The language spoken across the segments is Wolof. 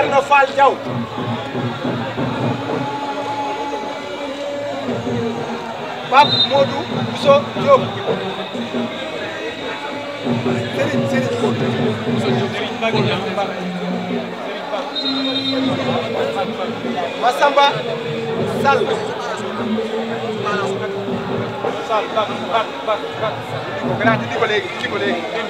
kër na Fall Diaw Pape Modou Bousso Diop Serigne Serigne Massamba salve. Salve, salve, salve, salve. bak ko grande di ko léegi di ko léegi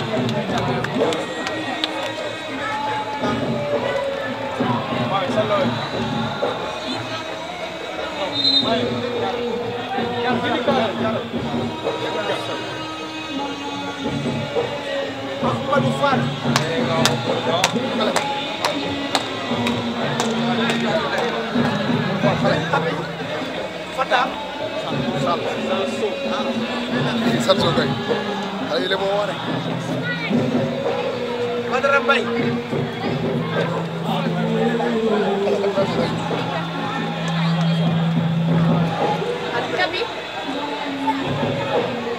Copa do Faro. Satu kali. Kali lebar orang. Mana rambai? Kami. Kami.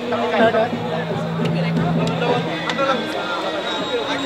Kami. Kami. Kami.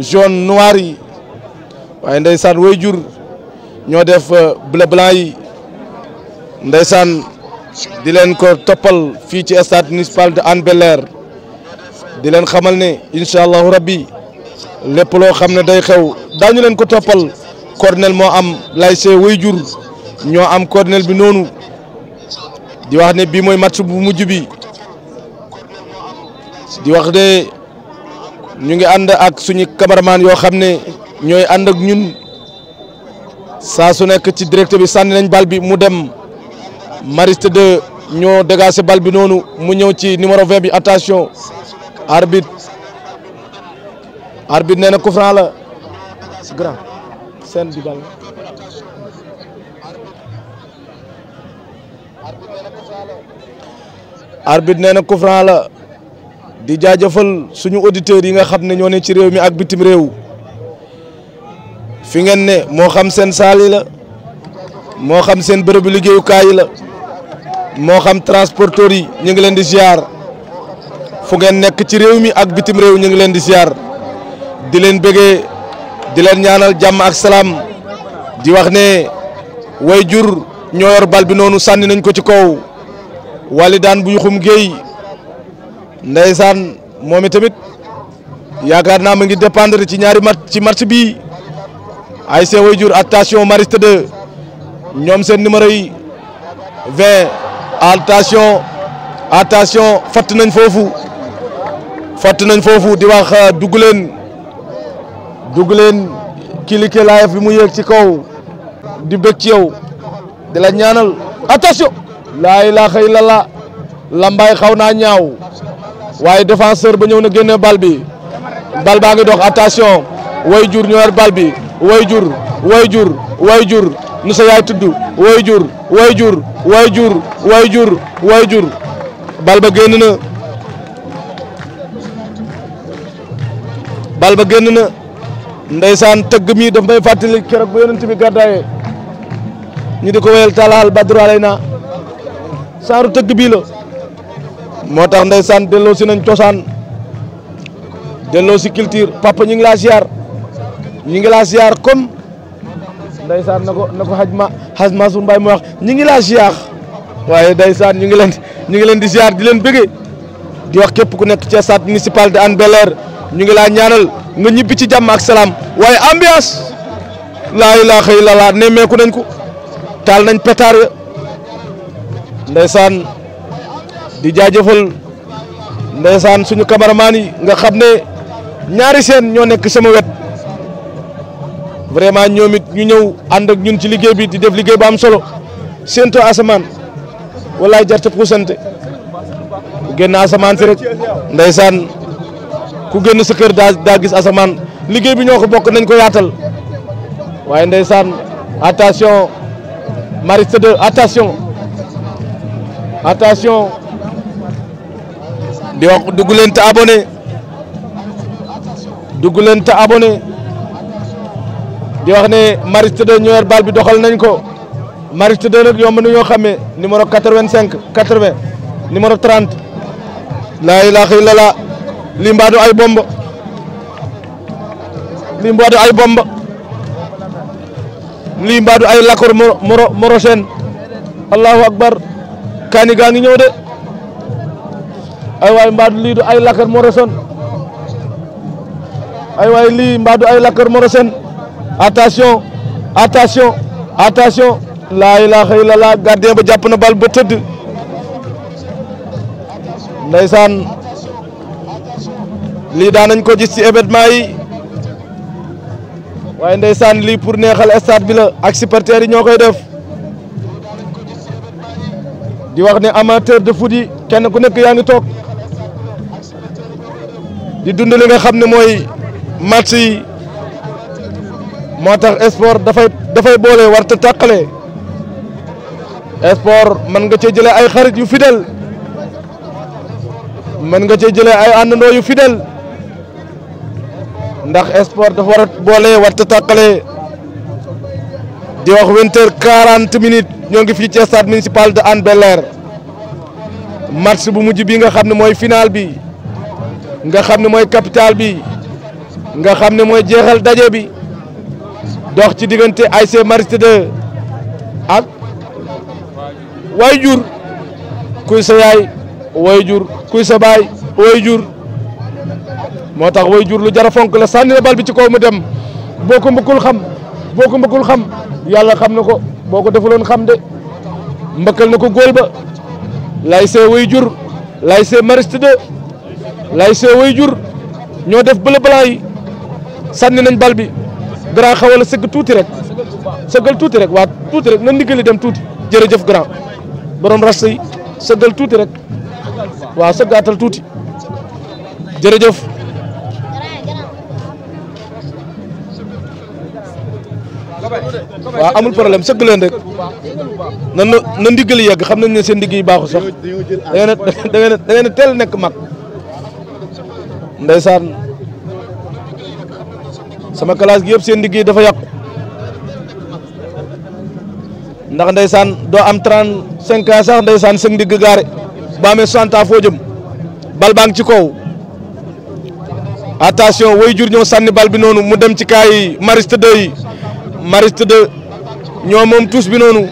jaune noir yi waaye ndeysaan way jur ñoo def euh, bleu yi ndeysaan di leen ko toppal fii ci stade municipal de Hann bel di leen xamal ne incha allahu rabbi lépp loo xam ne day xew daañu leen ko toppal colonel moo am lycée way jur ñoo am colonel bi noonu di wax ne bii mooy match bu mujj bi di wax ne ñu ngi ànd ak suñu cameraman yoo xam ne ñooy ànd ak ñun saa su nekk ci direct bi sànni nañ bal bi mu dem mariste de ñoo dégagé bal bi noonu mu ñëw ci numéro 20 bi attention arbitre arbitre nee na coup la grand seen bi la di jaajëfal suñu auditeurs yi nga xam ne ñoo ne ci réew mi ak bitim réew fi ngeen ne moo xam seen saali la moo xam seen bërëbu liggéeyukaay yi la moo xam transporteurs yi ñu ngi leen di ziar fu ngeen nekk ci réew mi ak bitim réew ñu ngi leen di ziar di leen bëggee di leen ñaanal jàmm ak salaam di wax ne way jur ñoo yor bi noonu sànni nañ ko ci kaw wali daan bu yuxum géey ndeysaan moom tamit yaakaar naa mu ngi dépendre ci ñaari mat ci match bi ay see jur attention Mariste 2 ñoom seen numéro yi 20 attention attention fatt nañ foofu fatt nañ foofu di wax euh, dugg leen dugg leen cliquer live bi mu yéeg ci kaw di bëgg ci yow di la ñaanal attention laa ilaaha illallah Lambaye xaw naa ñaaw waaye défenseur ba ñëw na génne bal bi bal baa ngi dox attention way jur ñu war bal bi way jur way jur jur nu sa yaay tudd way jur way jur way jur way jur way jur bal ba génn na bal ba génn na ndeysaan tëgg mi daf may fàttali keroog bu yonent bi gàddaaye ñu di ko wéyal talaal badru alay na saaru tëgg bii moo tax ndeysaan delloo si nañ cosaan delloo si culture papa ñu ngi laa ziar ñu ngi laa ziar comme ndeysaan na ko na ko xaj ma xaj Mansour Mbaye mu wax ñu ngi laa ziar waaye ndeysaan ñu ngi leen ñu ngi leen di ziar di leen bëggee di wax képp ku nekk ci stade municipal de Hann Bel-Air ñu ngi laa ñaanal nga ñibbi ci jàmm ak salaam waaye ambiance laa ilaaha illallaah nemmeeku nañ ko taal nañ pétard ya di jaajëfal ndeysaan suñu cameraman yi nga xam ne ñaari seen ñoo nekk sama wet vraiment ñoomit ñu ñëw ànd ak ñun ci liggéey bi di def liggéey bu am solo séento asamaan walaay jarte ku sante ku génn asamaan si rek ndeysaan ku génn sa kër daa daa gis asamaan liggéey bi ñoo ko bokk nañ ko yaatal waaye ndeysaan attention mariste de attention attention di wax dugg leen te abonné dugg leen te abonné di wax ne Maris te ñoo yor bal bi doxal nañ ko Maris Teude nag yomb na ñoo xamee numéro 85 80 numéro 30 laa ilaaha illallah lii mbaa du ay bomb ay bomb lii mbaa du ay lakkor moro moro morochène allahu akbar kaani gaa ngi ñëw de ay waay mbaadu lii du ay lakkar moroson ay waay lii mbaadu ay lakkar moroson attention attention attention laa ilaaha illallah gardien ba jàpp na bal ba tëdd ndeysaan lii daan nañ ko gis ci événement yi waaye ndeysaan lii pour neexal stade bi la ak supporters yi ñoo koy def di wax ne amateur de foot kenn ku nekk yaa ngi toog di dund li nga xam ne mooy match yi moo tax sport dafay dafay boole war te tàqale sport mën nga cee jëlee ay xarit yu fidèle mën nga cee jëlee ay àndandoo yu fidèle ndax sport dafa war a boole war te tàqale di wax vingt quarante minutes ñoo ngi fii ci stade municipal de Hann Bel-Air match bu mujj bi nga xam ne mooy final bi nga xamne ne capital bi nga xamne ne mooy jeexal bi dox ci diggante IC Mariste 2 ak wayjur kuy sa yaay wayjur kuy sa bay wayjur motax wayjur lu jara fonk la sanni bal bi ci ko mu dem boko mbukul bokul xam boko mbukul xam yalla xam nako boko defulon xam de mbeukal nako gol ba lay see waajur lay Mariste 2 lay see way jur ñoo def bële balaa yi sànni nañ bal bi grand xawal sëgg tuuti rek sëggal tuuti rek waa tuuti rek na ndigali dem tuuti jërëjëf gara borom rasta yi sëggal tuuti rek waaw sëggaatal tuuti jërëjëf waaw amul problème sëgg leen rek na na ndigali yegg xam na ne seen ndigg yi baaxu sax da ngeen a teel nekk mag ndeysaan sama classe gi yëpp seen liggéey dafa yàqu ndax ndeysaan doo am trente cinq ans sax ndeysaan sëg ndigg gaare boo amee soixante ans foo jëm bal baa ci kaw attention way jur ñoo sànni bal bi noonu mu dem ci kaay mariste 2 yi mariste 2 ñoo moom tous bi noonu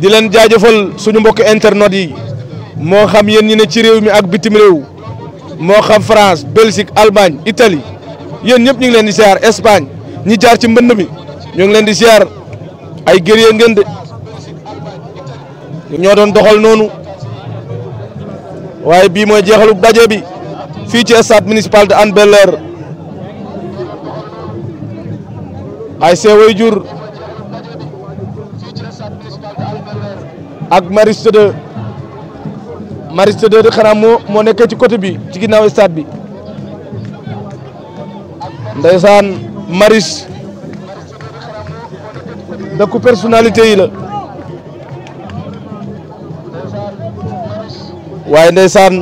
di leen jaajëfal suñu mbokk internet yi moo xam yéen ñi ne ci réew mi ak bitim réew mo xam France Belgique Allemagne Italie yeen ñep ñu ngi leen di ziar Espagne ñi jaar ci mbënd mi ñu ngi leen di ziar ay guerrier ngeen de ñoo doon doxal nonu waye bi moy jeexalu daje bi fi ci stade municipal de anne bel ay ay way jur ak mariste de Maristes 2 xanaa moo moo nekkee ci côté bi ci ginaaw stade bi ndeysaan maris dëkku personnalité yi la waaye ndeysaan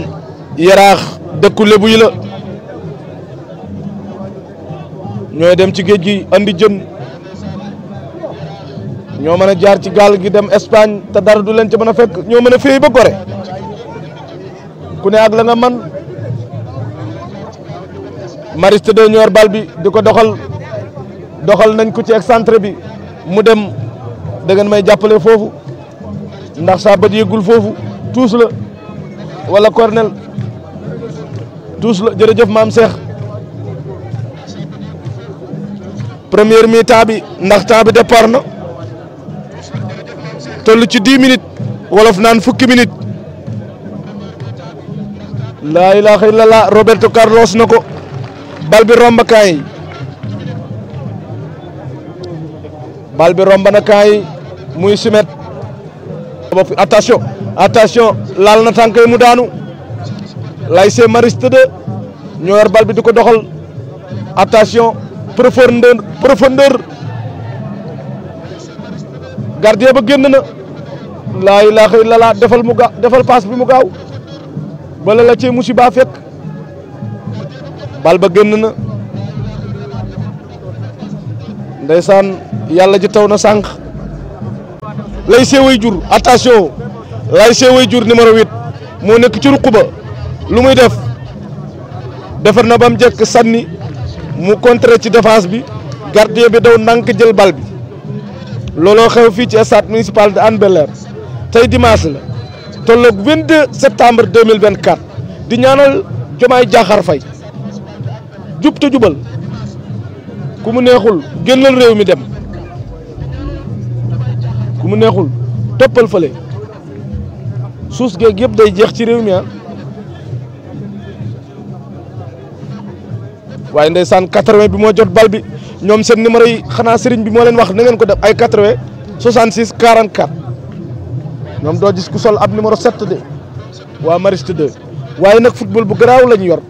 yaraax dëkku lebu yi la ñooy dem ci géej gi andi jën ñoo mën a jaar ci gaal gi dem Espagne te dara du leen ci mën a fekk ñoo mën a féey ba gore ku ne ak la nga man Maristes 2 ñor bal bi di ko doxal doxal nañ ko ci excentré bi mu dem da ngeen may jàppale foofu ndax saa bët yëggul foofu tuus la wala cornel tuus la jërëjëf maam Cheikh première mi-temps bi ndax temps bi départ na toll ci 10 minutes wolof naan fukki minutes. laa ilaaha illallah Roberto Carlos na ko bal bi romb kaay bal bi romb na kaay muy simet attention attention laal na tànk yi daanu lay see mariste de ñoo yor bi di ko doxal attention profondeur profondeur gardien ba génn na laa ilaaha illallah defal mu ga defal paas bi mu gaaw bala la ci musiba fekk bal ba génn na ndeysaan yàlla ji taw na sànq lay seeway jur attention lay seway jur numéro wit moo nekk ci ruq ba lu muy def defar na ba mu jekk sànni mu contrer ci défense bi gardien bi daw ndànk jël bal bi looloo xew fii ci stade municipal de Hann tey dimanche la tolloog 22 septembre 2024 di ñaanal Diomaye Diakhar fay jub te jubal ku mu neexul génnal réew mi dem ku mu neexul toppal fële suus geeg yëpp day jeex ci réew mi ah waaye ndeysaan 80 bi moo jot bal bi ñoom seen numéro yi xanaa sëriñ bi moo leen wax na ngeen ko def ay 80 66 44 ñom do gis ku sol ab numéro 7 de wa mariste 2 waye nak football bu graw lañ yor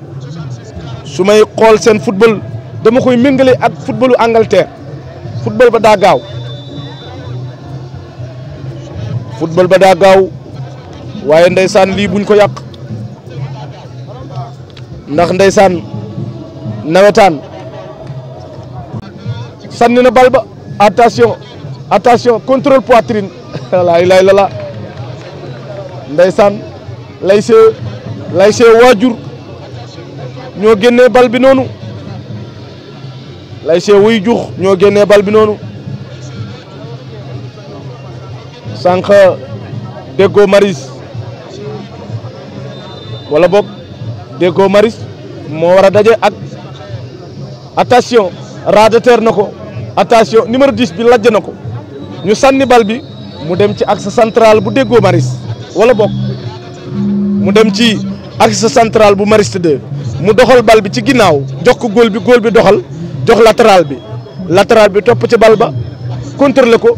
sumay xol sen football dama koy méngale ak footballu Angleterre football ba da gaw football ba da gaw waye ndaysan li buñ ko yak ndax ndaysan nawetaan sanni na balba, attention attention contrôle poitrine la ilaha illallah ndeysaan lay see lay see waajur ñoo génnee bal bi noonu lay see wuy jux ñoo génnee bal bi noonu sànq déggoo maris wala boog déggoo maris moo war a daje ak attention raadateer na ko attention numéro 10 bi lajj na ko ñu sànni bal bi mu dem ci axe central bu déggoo maris wala bokk mu dem ci axe central bu Mariste 2 mu doxal bal bi ci ginnaaw jox ko góol bi góol bi doxal jox latéral bi latéral bi topp ci bal ba contrôler ko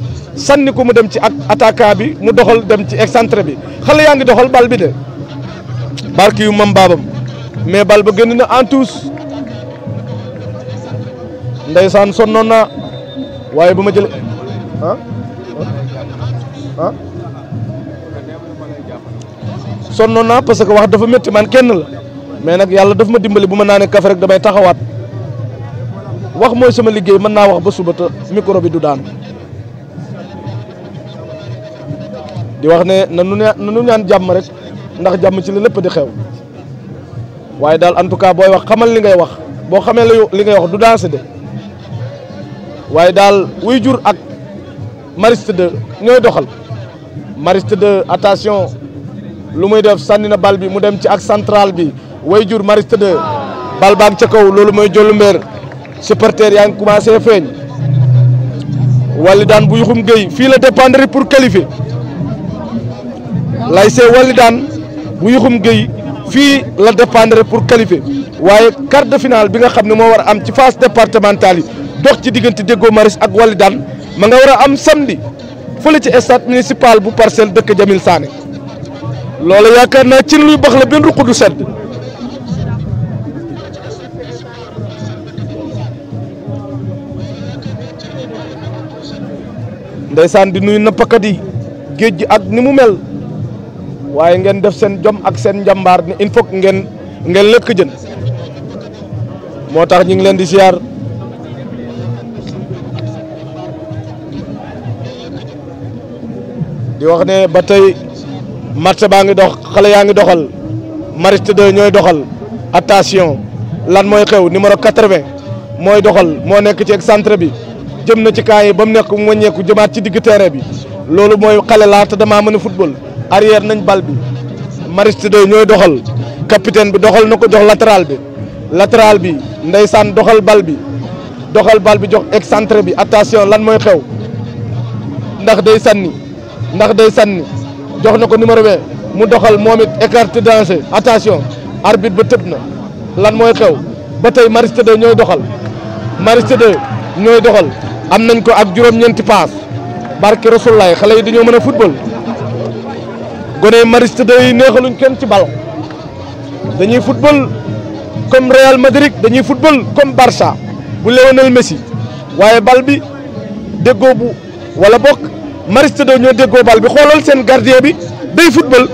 sànni ko mu dem ci ak attaquant bi mu doxal dem ci excentré bi xale yaa ngi doxal bal bi de barki yu mam baabam mais bal ba génn na en tous ndeysaan sonnoon naa waaye ba ma jël ah? Ah? Ah? sonnoon naa parce que wax dafa métti man kenn la mais nag yàlla daf ma dimbali bu ma naanee kafe rek damay taxawaat wax mooy sama liggéey mën naa wax ba suba te micro bi du daan di wax ne na nu na nu ñaan jàmm rek ndax jàmm ci di xew en tout cas wax xamal li ngay wax li ngay wax du de wuy jur ak Maristes 2 ñooy doxal Maristes attention lu muy def sànni na bal bi mu dem ci ak central bi Wayjur Mariste 2 bal baag ca kaw loolu mooy jollu mbeer supporter yaa ngi commencé feeñ Walidaan bu yuxum Gueye fii la dépendre pour qualifier lay see Walidaan bu yuxum Gueye fii la dépendre pour qualifier waaye quart de finale bi nga xam ne moo war a am ci phase départementale yi dox ci diggante déggoo maris ak Walidaan ma nga war a am samedi fële ci stade municipal bu parcelle dëkk Jamil Sané lolé yaakaar na ci luy baxla ben ruku du sedd ndeysaan di nuyu nappkat yi géej gi ak ni mu mel waye ngeen def sen jom ak sen jambar ni il faut ngeen ngeen lekk jeun motax ñi ngi leen di ziar di wax ne batay marché baa ngi dox xale yaa ngi doxal mariste 2 ñooy doxal attention lan mooy xew numéro vingt mooy doxal moo nekk ci centre bi jëm na ci camp yi ba mu nekk mu wàññeeku jëmaat ci digg terrain bi loolu mooy xale laa te damaa mën a football arrière nañ bal bi mariste 2 ñooy doxal capitaine bi doxal na ko jox latéral bi latéral bi ndeysaan doxal bal bi doxal bal bi jox excentré bi attention lan mooy xew ndax day sànni ndax day sànni jox na ko numéro vingt mu doxal moom écarte danger attention arbitre ba tëb na lan mooy xew ba tey Maristes ñooy doxal Maristes 2 ñooy doxal am nañ ko ak juróom-ñeenti paas barke Rasulaay xale yi dañoo mën a football gone Maristes yi neexaluñ kenn ci bal dañuy football comme Real Madrid dañuy football comme Barça bu Lionel Messi waaye bal bi déggoo bu wala bokk Maristodo ñoo déggoo bal bi xoolal seen gardien bi day football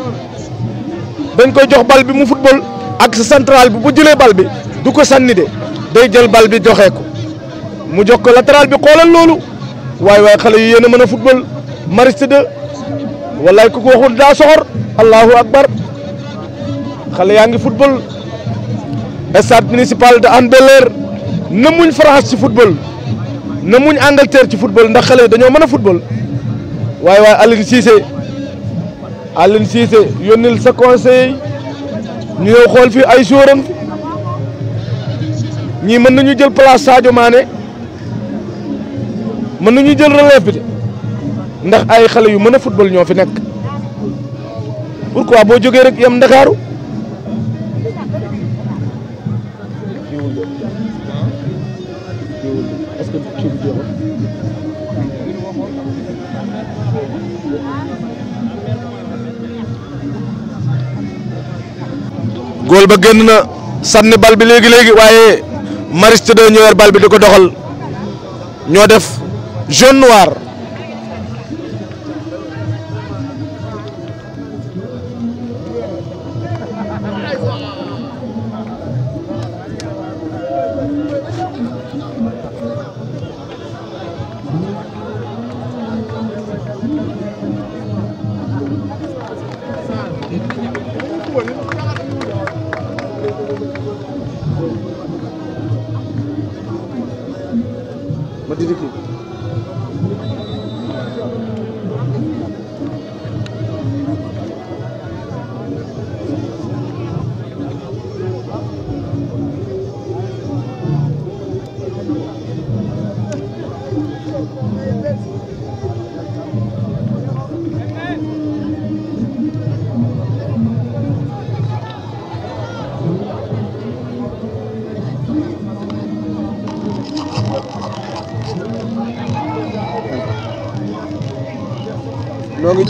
dañ koy jox bal bi mu football ak sa central bi bu jëlee bal bi du ko sànni de day jël bal bi joxe ko mu jox ko latéral bi xoolal loolu waaye waaye xale yi yéen a mën a football Maristodo wallaay ku ko waxul daa soxor allahu akbar xale yaa ngi football stade municipal de Hann Bel-Air na muñ France ci football na Angleterre ci football ndax xale dañoo mën a football. waaye waaye Alioune Cissé Alioune Cissé yónnil sa conseil ñu ñëw xool fii ay sóoram ñii mën nañu jël place Sadio maane mën nañu jël relève bi ndax ay xale yu mën a football ñoo fi nekk pourquoi boo jógee rek yam Ndakaaru gol ba genn na sanni bal bi legui legui waye mariste Maristes ñu wër bal bi diko doxal ño def jaune noir.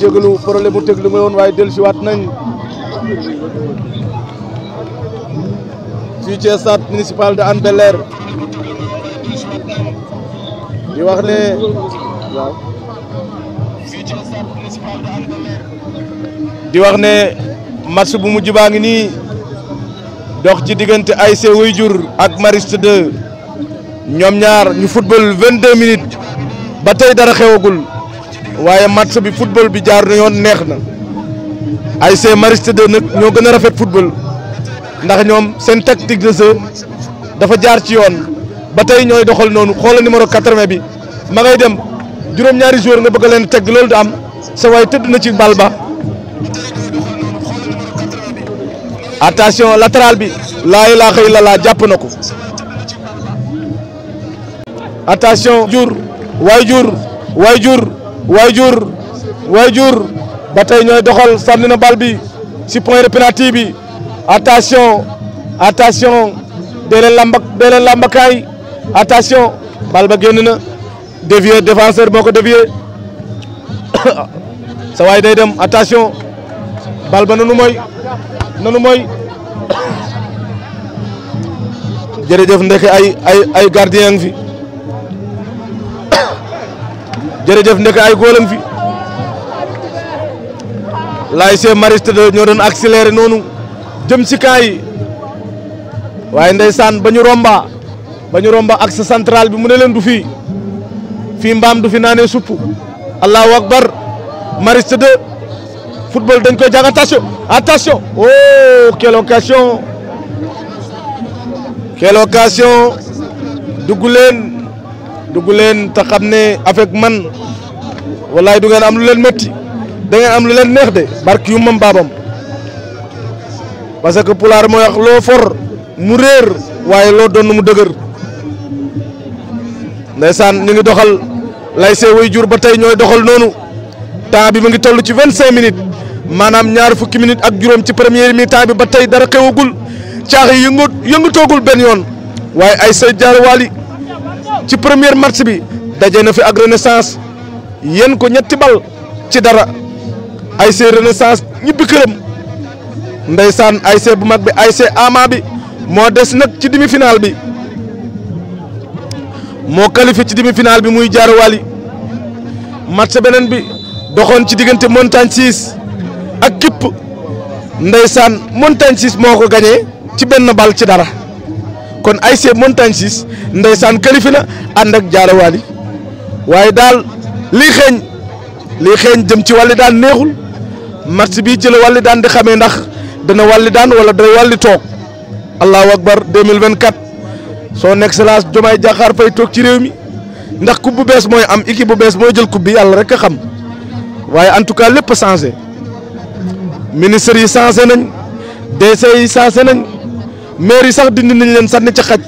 jégalu problème bu teg lu mu woon waaye dellusiwaat nañ fii ci stade di wax ne waaw wax ne match bu mujj baa ngi nii dox ci diggante ay ASC Wayjur ak Mariste 2 ñoom ñaar ñu football 22 minutes ba tey dara xewagul. waaye match bi football bi jaar na yoon neex na ASC Mariste 2 nag ñoo gën a rafet football ndax ñoom seen tactique de jeu dafa jaar ci yoon ba tey ñooy doxal noonu xoola numéro 80 bi ma ngay dem juróom-ñaari joueur nga bëgg leen teg loolu du am sa waay tëdd na ci bal ba attention latéral bi laa ilaaha illallaah jàpp na ko attention jur waay jur waay jur waajur waajur ba tey ñooy doxal sànni na bal bi si point de pénalty bi attention attention dee leen lamba dee leen lambakaay attention bal ba génn na dévié défenseur moo ko dévié sa day dem attention bal ba nanu mooy nanu mooy jërëjëf ndeke ay ay ay gardien fi jërëjëf ndek ay góolam fi laay see mariste ñoo doon accéléré noonu jëm ci kaa waaye ndeysaan ba ñu romba bañu romba axe central bi mu ne leen du fi fii mbaam du fi naanee supp allahu akbar mariste de football dañ ko jàng attention attention oh quelle occasion quelle occasion dugg leen dugg leen te xam ne avec man wallaay du ngeen am lu leen métti da am lu leen neex de barki yu mam baabam parce que pulaar mooy wax loo for mu réer waaye loo doon mu dëgër ndeysaan ñu ngi doxal lay see way jur ba tey ñooy doxal noonu temps bi mu ngi toll ci vingt cinq minutes maanaam ñaar fukki minutes ak juróom ci premier mi-temps bi ba tey dara xewagul caax yi yëngu yëngu benn yoon waaye ay say jaar waali ci première match bi dajé na fi ak renaissance yeen ko ñetti bal ci dara ASC renaissance ñibbi këram ndeysaan ASC bu mag bi ASC ama bi mo dess nak ci demi final bi mo qualifié ci demi final bi muy wali, match benen bi doxon ci digënté montagne 6 ak kipp ndaysan montagne 6 moko gagné ci benn bal ci dara. kon ay ASC Montagne ndey saan qualifié na ànd ak jaarawaali waaye daal lii xeeñ lii xeeñ jëm ci wàlli daan neexul match bii ci la daan di xamee ndax dana wàlli daan wala day wàlli toog allahu akbar 2024 son excellence Diomaye Diakhar Faye toog ci réew mi ndax coupe bu bees mooy am équipe bu bees mooy jël coupe bi yàlla rek a xam waaye en tout cas lépp changé ministres yi changé nañ DC yi changé nañ maire yi sax dindi nañ leen sànni na xaj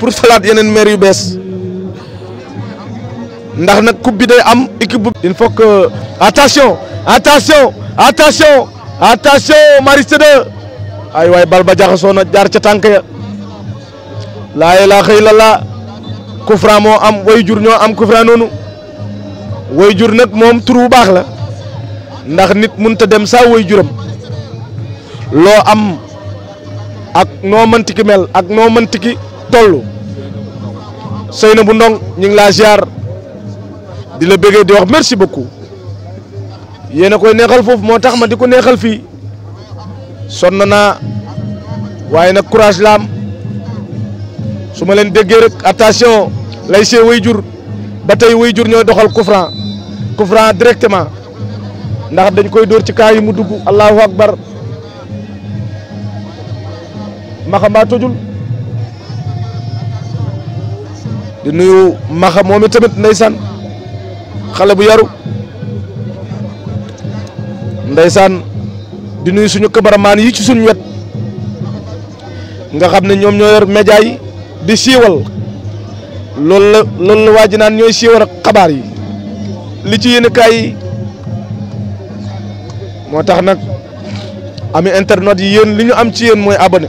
pour salaat yeneen maire yu bees ndax nag coupe bi day am équipe bu. il faut que attention attention attention attention Maristes 2 ay waay bal ba jaxasoo na jaar ca tànk ya laa ilaaha illallaah coup am way jur ñoo am coup noonu way jur nag moom tur bu baax la ndax nit mënut a dem saa way juram loo am. ak no mënti ki mel ak no mënti ki tollu Seyna bu Ndong ngi ziar di la bëggé di wax merci beaucoup yéen koy neexal fofu mo tax ma diko neexal fi sonna na waye nak courage lam suma len déggé rek attention lay sé wayjur jur ba doxal coufran coufran directement ndax dañ koy door ci kay mu dugg allahu akbar maxamba tojul di nuyu maxa moom tamit ndeysaan xale bu yaru ndeysaan di nuyu suñu cameraman yi ci suñu wet nga xam ne ñoom ñoo yor média yi di siiwal loolu la loolu la naan ñooy siiwal xabaar yi li ci yéen yi moo tax nag ami internet yi yéen li ñu am ci yéen mooy abonné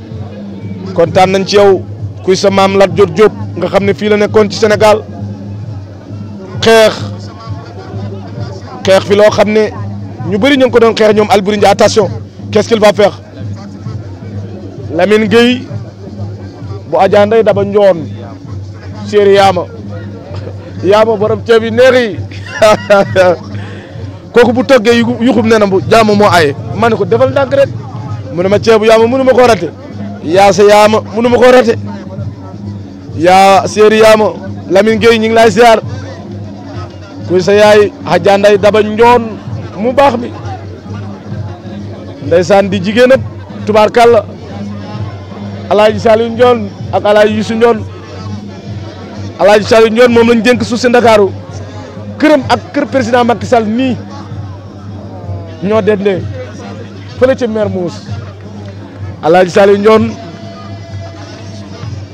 kontaan nañ ci yow kuy sa maam Lat jot Diop nga xam ne fii la nekkoon ci Sénégal xeex xeex fi loo xam ne ñu bëri ñu ko doon xeex ñoom Alboury Ndiaye attention qu'est-ce qu'il va faire Lamine bu Adja Daba Njoon séeri yaama yaama borom ceeb yi neex yi kooku bu toggee yuxub ne na bu jaama moo aye ma ne ko defal ndànk rek mu ne ma ceebu yaama mënu ma ko rate yaasa yaama munu ma ko rate yaa seeri yaama Lamine Gueye ñu ngi lay ziar kuy sa daba njoon mu baax mi ndeysaan di jigéen ak tubaarkàlla alaaji Saliou Njoon ak alaaji Njoon alaaji Saliou Njoon moom lañ dénk suuf si Ndakaaru këram ak kër président Macky Sall nii ñoo dendee fële ca Mermoz alaaji Saliou Ndione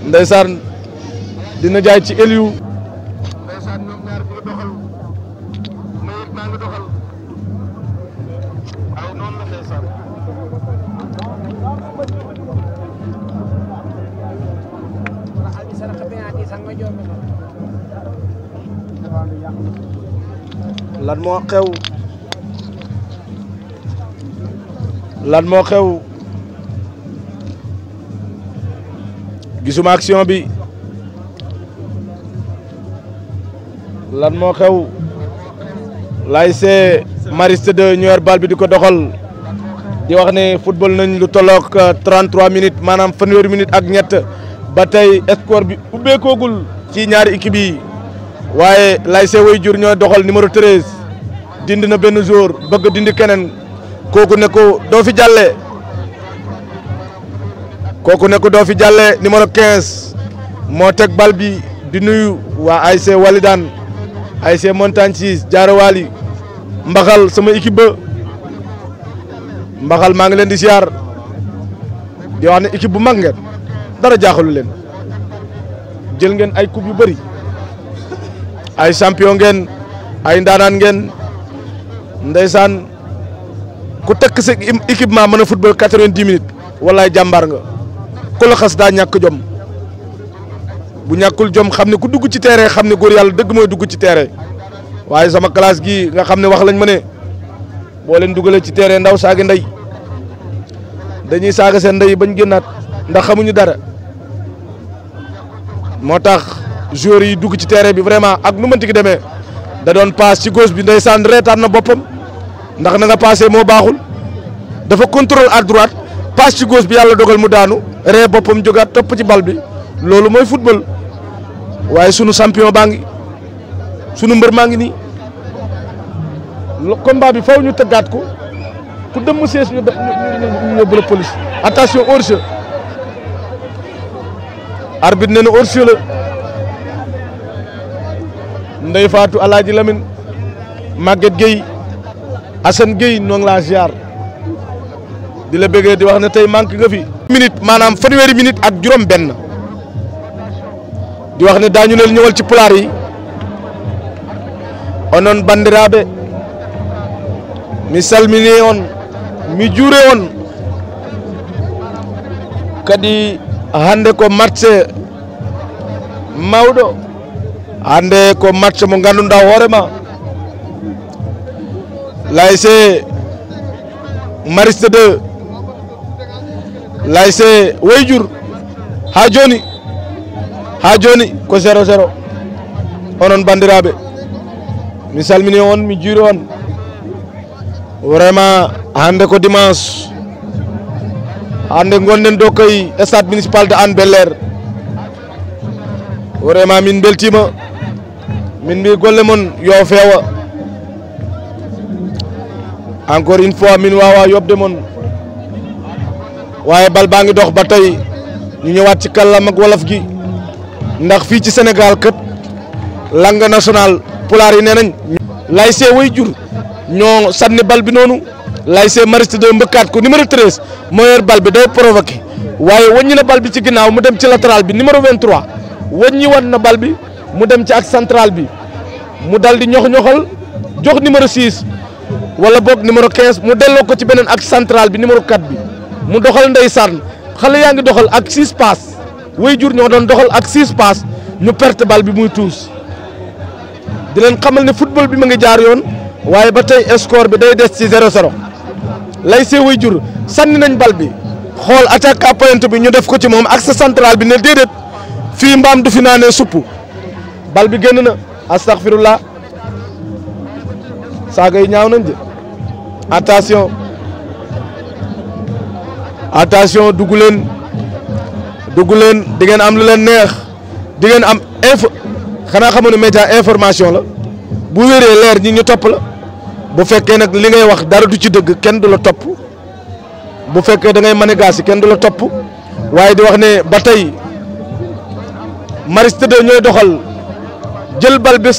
ndeysaan dina jaay ci Eliou ndeysaan lan moo xew lan moo xew gisuma action bi lan moo xew lay see Mariste de ñu yor bal bi di ko doxal di wax ne football nañ lu tolloog 33 euh, minutes maanaam fanweeri minutes ak ñett ba tey score bi ubbeekoogul ci ñaari équipe bi waaye lay see way jur ñoo doxal numéro 13 dindi na benn jour bëgg dindi keneen kooku ne ko doo fi jàlle koku ne do fi jalle numéro 15 mo tek bal bi di nuyu wa ASC walidan ASC Montagne jaro wali Mbaxal sama équipe ba Mbaxal ngi len di ziar di wax ni équipe bu mag ngeen dara jaxalu len jël ngeen ay coupe yu bari ay champion ngeen ay ndaanaan ngeen ndaysan ku tek sa équipement mën football 90 minutes wallahi jambar nga ku la xas daa ñàkk jom bu ñàkkul jom xam ne ku dugg ci terrain xam ne góor yàlla dëgg mooy dugg ci terrain waaye sama classe gi nga xam ne wax lañ ma ne boo leen dugalee ci terrain ndaw saaga ndey dañuy saaga seen ndey bañ génnaat ndax xamuñu dara moo tax joueurs yi dugg ci terrain bi vraiment ak nu mënti ki demee da doon paas ci gauche bi ndeysaan taan na boppam ndax na nga passé moo baaxul dafa contrôle à droite paas ci gauche bi yàlla dogal mu daanu ré bopam jógaat top ci bal bi loolu moy football waye suñu champion bangi, suñu sunu mbër ni combat bi faw ñu teggat ko ku dem ses ñu ñu yóbbu la police attention hors jeu arbitre néna hors jeu la ndey Fatou aladji Lamine Maguette Gueye Gueye la ziar dile beugé di wax na tay manki nga fi manam fanweri minute ak juroom ben di wax ne dañu leen ñewal ci pular yi onon bandirabe mi salmini on mi juré on kadi hande ko marché maudo hande ko match mo nda hoorema layse mariste 2 laysee way jur ha joni ha joni ko zéro zéro onon bandiraɓe mi salmini on mi juuri on vraiment hande ko dimanche hande gonɗen dow koye stade municipal de anne bellaire vraiment min beltima min mbi golle moon yo feewa encore une fois min wawa yobde moon waye bal baangi dox ba tay ñu ñëwaat ci kallam ak wolof gi ndax fi ci Sénégal kët langue nationale pulaar yi nenañ nañ. Laysé way jur ñoo sanni bal bi nonu Laysé Mariste de mbëkkaat ko numéro 13 mooy bal bi day provoquer waye wàññi na bal bi ci ginnaaw mu dem ci latéral bi numéro 23 wàññi won na bal bi mu dem ci ak central bi mu daldi ñox ñoxal jox numéro 6 wala bok numéro 15 mu delo ko ci benen ak central bi numéro 4 bi. mu doxal ndeysaan xale yaa ngi doxal ak six pass way jur ñoo doon doxal ak six pass ñu perte bal bi muy tous di xamal ne football bi ma ngi jaar yoon waaye ba tey score bi day des ci zéro zéro lay see way jur sànni nañ bal bi xool attaque à pointe bi ñu def ko ci moom ak sa bi ne déedéet fii mbaam du fi naanee supp bal bi génn na astaghfirullah saaga yi ñaaw nañ de attention attention dugulen, dugulen di ngeen am lu len neex di ngeen am info xana xamone media information la bu wéré lèr ñi ñu top la bu féké nak li ngay wax dara du ci dëgg kenn du la top bu féké da ngay manigaasi kenn du la top waye di wax né ba tay mariste de ñoy doxal jël bal bi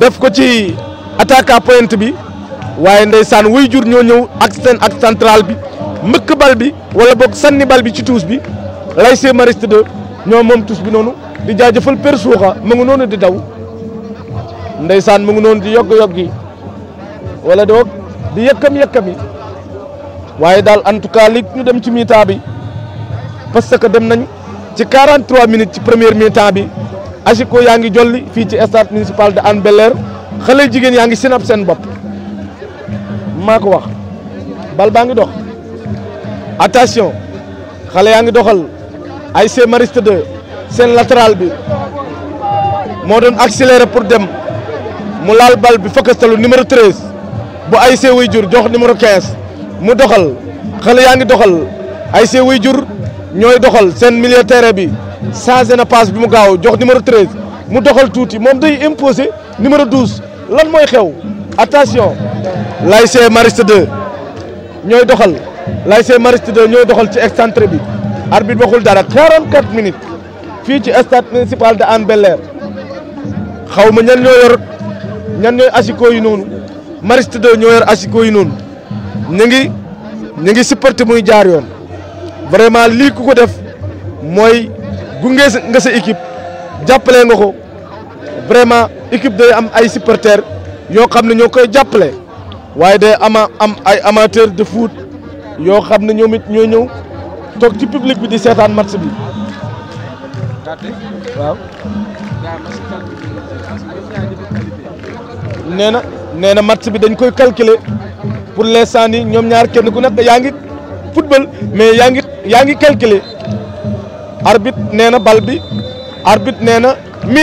def ko ci attaque à pointe bi waaye ndeysaan wuy jur ñoo ñew ak sen ak central bi mbëkk bal bi wala boog sànni bal bi ci tuus bi Lycée Mariste 2 ñoo moom tuus bi noonu di jaajëfal Père Souxa mu ngi noonu di daw ndeysaan mu ngi noonu di yogg-yogg yi wala doog di yëkkam-yëkkam yi waaye daal en tout cas li ñu dem ci mi-temps bi parce que dem nañ ci 43 minutes ci première mi-temps bi Achico yaa ngi jolli fii ci stade municipal de Hann Bel-Air xale jigéen yaa ngi sinap seen bopp maa ko wax bal baa ngi dox attention xale yaa ngi doxal ay seen mariste 2 seen latéral bi moo doon accéléré pour dem mu laal bal bi fëkkastalu numéro 13 bu ay see wuy jur jox numéro 15 mu doxal xale yaa ngi doxal ay see wuy ñooy doxal seen milieu terrain bi changé na passe bi mu gaaw jox numéro 13 mu doxal tuuti moom day imposé numéro 12 lan mooy xew attention lay see mariste ñooy doxal l'ASC Mariste 2 ñooy doxal ci excentré bi arbitre waxul dara 44 minutes fii ci stade municipal de Hann belleer air xaw ma ñan ñoo yor ñan ñooy asiko yi noonu Mariste 2 ñoo yor yi noonu ñu ngi ñu ngi supporté muy jaar yoon vraiment lii ku ko def mooy gunge nga sa équipe jàppale nga ko vraiment équipe day am ay supporters yoo xam ne ñoo koy jàppale. waaye day ama am ay amateur de foot yoo xam ne ñoom it ñoo ñëw toog ci public bi di seetaan match bi waaw nee na nee na match bi dañ koy calculer pour l'instant nii ñoom ñaar kenn ku nekk yaa ngi football mais yaa ngi yaa ngi calculer arbitre nee na bal bi arbitre nee na mi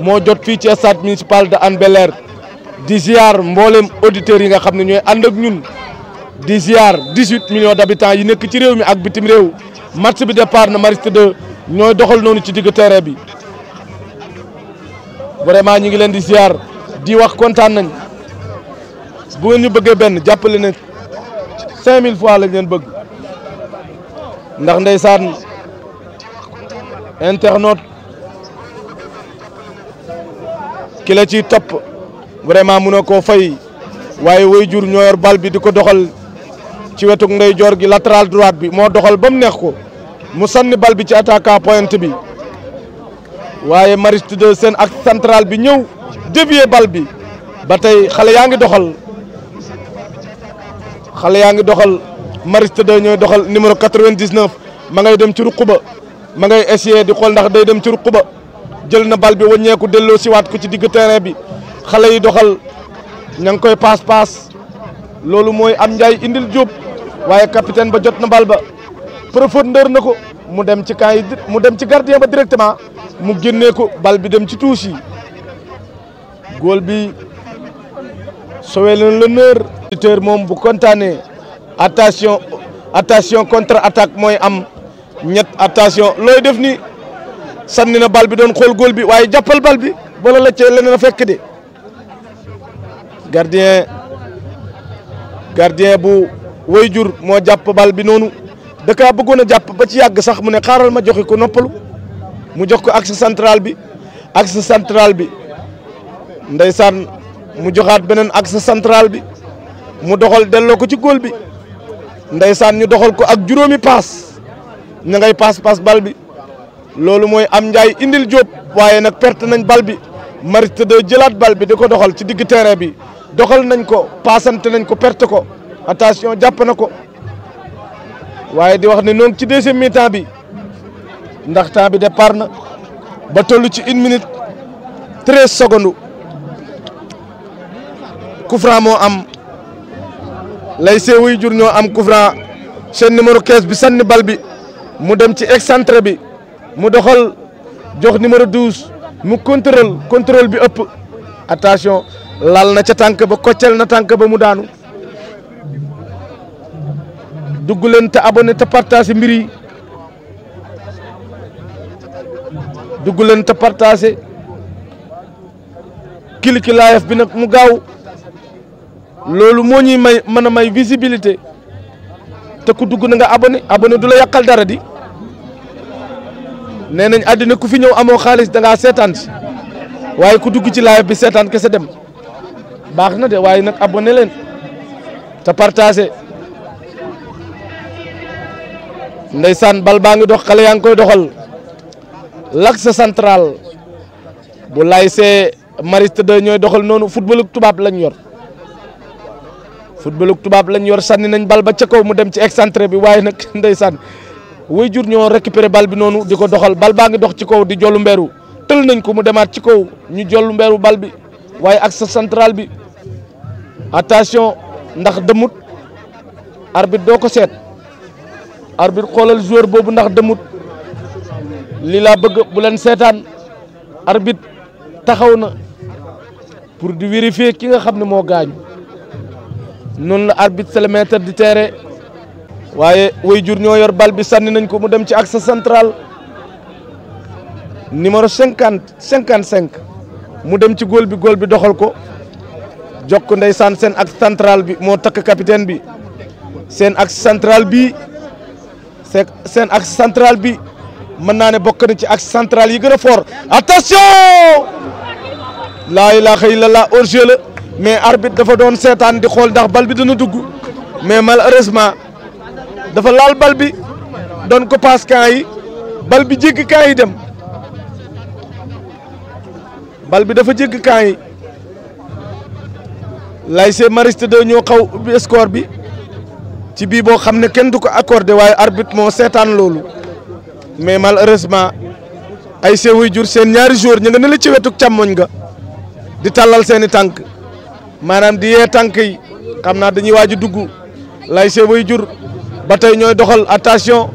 moo jot fii ci stade municipal de Hann Bel-Air di ziar mboolem auditeurs yi nga xam ne ñooy ànd ak ñun di ziar 18 millions d'habitants yi nekk ci réew mi ak bitim réew match bi départ na Mariste de ñooy doxal noonu ci digg terrain bi vraiment ñu ngi leen di ziar di wax kontaan nañ bu ñu bëggee benn jàppale ne mille fois lañ leen bëgg ndax ndeysaan internaute ki la ciy topp vraiment mënoo koo fay waaye way jur ñoo yor bal bi di ko doxal ci wetuk ndey joor gi latéral droite bi moo doxal ba neex ko mu sànni bal bi ci attaquant pointe bi waaye Maristes 2 seen ak central bi ñëw dévier bal bi ba tey xale yaa ngi doxal xale yaa ngi doxal Maristes 2 ñooy doxal numéro 99 ma ngay dem ci ruq ba ma ngay essayer di xool ndax day dem ci ruq jël na bal bi delo ci wat ko ci digg terrain bi xalé yi doxal ñang koy pass pass lolu moy am ndjay indil job waye capitaine ba jot na bal ba profondeur nako mudem mu dem ci kay mu dem ci gardien ba directement mu genné ko bal bi dem ci touche yi bi sowee l'honneur titeur mom bu contané attention attention contre attaque moy am ñet attention loy def ni sànni na bal bi doon xool góol bi waaye jàppal bal bi bala la cee leneen a fekk de gardien gardien bu woy jur moo jàpp bal bi noonu da kaa bëggoon a jàpp ba ci yàgg sax mu ne xaaral ma joxe ko noppalu mu jox ko axe central bi axe central bi ndeysaan mu joxaat beneen axe central bi mu doxal delloo ko ci góol bi ndeysaan ñu doxal ko ak juróomi paas ña ngay paas paas bal bi. loolu mooy am njaay indil Diop waaye nag perte nañ bal bi Maristes 2 jëlaat bal bi di ko doxal ci digg terrain bi doxal nañ ko paasante nañ ko perte ko attention jàpp na ko waaye di wax ne noonu ci deuxième mi-temps bi ndax temps bi départ na ba toll ci une minute treize secondes coup moo am lay see jur ñoo am coup seen numéro 15 bi sànni bal bi mu dem ci excentré bi mu doxal jox numéro 12 mu contrôle contrôle bi ëpp attention lal na ca tànk ba koccal na tànk ba mu daanu dugg leen te abonné te partagé mbir dugg leen te partagé cliquer bi nag mu gaaw loolu moo ñuy may mën a may visibilité te ku dugg na nga abonné abonné du la yàqal dara di. nenañ adina ku fi ñew amo xaaliss da nga seetaan waye ku dugg ci live bi seetaan kessa dem baax na de waye nak abonné len ta partager ndaysan bal baa dox xalé yang koy doxal l'axe central bu lay see mariste de ñoy doxal football ak tubab lañ yor ak tubab lañ yor sanni nañ bal ba ci kaw mu dem ci excentré bi waye nak ndaysan way jur ñoo récupéré bal bi noonu di ko doxal bal baa ngi dox ci kaw di jollu mbeeru tël nañ ko mu demaat ci kaw ñu jollu mbeeru bal bi waaye axe centrale bi attention ndax dëmut arbit doo ko seet arbit xoolal joueur boobu ndax dëmut lii laa bëgg bu leen seetaan arbit taxaw na pour di vérifier ki nga xam ne moo gaañu noonu la arbit c'est le maître du terrain waye way jur ñoo yor bal bi sanni nañ ko mu dem ci axe central numéro 50 55 mu dem ci gol bi gol bi doxal ko jokk ndaysan sen axe central bi mo tak capitaine bi sen axe central bi sen axe central bi mana naane ne bokk na ci axe central yi gëna for fort attention la ilaha illallah hors-jeu mais arbitre dafa doon sétane di xol ndax bal bi dana dugg mais malheureusement dafa lal bal bi don ko pass kan yi bal bi jéggi kan yi dem bal bi dafa jéggi kan yi Mariste de ñoo xaw score bi ci bi bo xamne ne kenn du ko accordé waaye arbitre mo setan lolu mais malheureusement ay sewuy jur sen ñaari jour ñinga neul ci wetuk càmmoñ nga di talal sen tank manam di ye tank yi xamna dañuy lay way jur ba tey ñooy doxal attention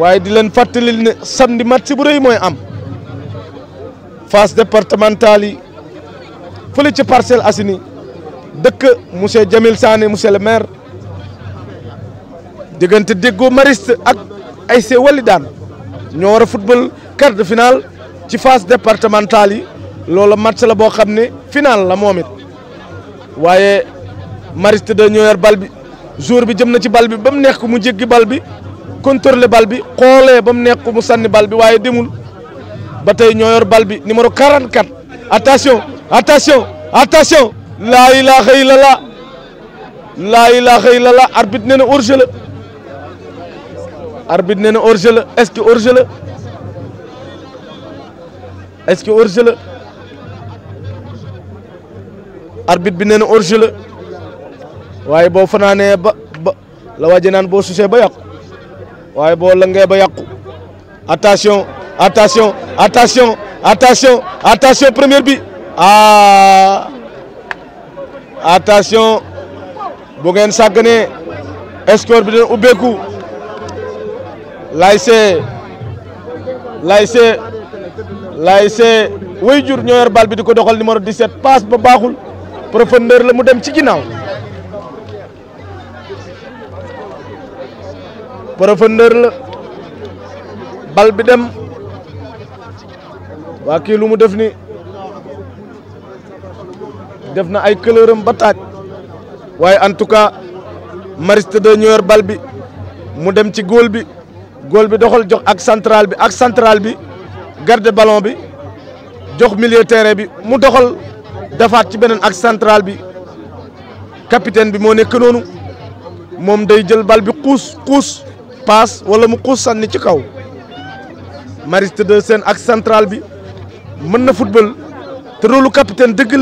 waaye di leen fàttali ne samedi match bu rëy mooy am phase départementale yi fële ci Parcelles Assainies dëkk monsieur Jamil Sané monsieur le maire diggante déggoo mariste ak ay see wali daan ñoo war a football quart de finale ci phase départementale yi loolu match la boo xam ne final la moom waaye mariste de ñoo yor bal bi jour bi jëm na ci bal bi bam mu neex mu jéggi bal bi contrôler bal bi xolé bam mu neex mu sànni bal bi waye demul ba tey ñoo yor bal bi numéro 44 attention attention attention la ilaha illallah la ilaha illallah arbitre néna hors-jeu arbitre néna hors-jeu est-ce que hors-jeu est-ce que hors-jeu arbitre bi néna hors-jeu waye bo fanaanee ba la waaje nan bo soucé ba yak waye bo lengé ba yak attention attention attention attention attention première bi ah attention bu ngeen sàgganee score bi den ubbeeku laysé laissé laissé way jur ñoo bal bi di doxal numéro 17 passe ba baxul profondeur la mu dem ci profondeur la bal bi dem wa ki lu mu def ni def na ay këlëram ba taaj waaye en tout cas Mariste de ñor bal bi mu dem ci góol bi góol bi doxal jox ak central bi ak central bi garder ballon bi jox milieu terrain bi mu doxal defaat ci benen ak central bi capitaine bi mo nek nonu mom day jël bal bi paas wala mu xuus sànni ci kaw Maristes 2 Sène ak central bi mën na football te rôle capitaine dëgg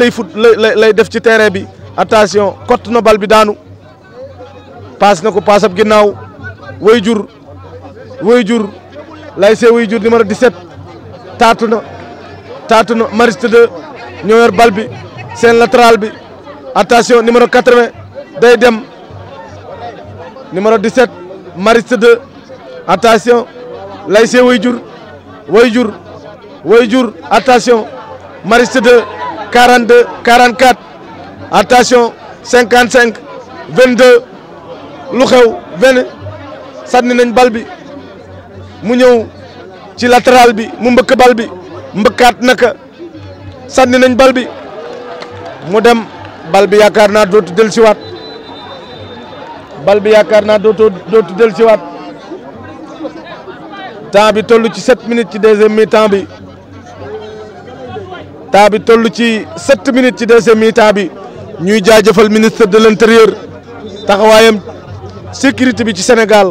lay def ci terrain bi attention cotte na bal bi daanu paas na ko paas ab ginnaaw way jur way jur lay see way jur numéro 17 taatu na taatu na Maristes 2 ñoo bal bi seen latéral bi attention numéro 80 day dem numéro 17. mariste 2 attention Layse Wayjur Wayjur Wayjur attention mariste 2 42 44 attention 55 22 lu xew benn sànni nañ bal bi mu ñëw ci latéral bi mu mbëkk bal bi mbëkkaat naka sànni nañ bal bi mu dem bal bi yaakaar naa dootu dellusiwaat bal bi yaakaar naa dootoo dootu del siwaat temps bi tollu ci sept minutes ci deuxième mi-temps bi temps bi tollu ci sept minutes ci deuxième mi-temps bi ñuy jaajëfal ministre de l'intérieur taxawaayam sécurité bi ci Sénégal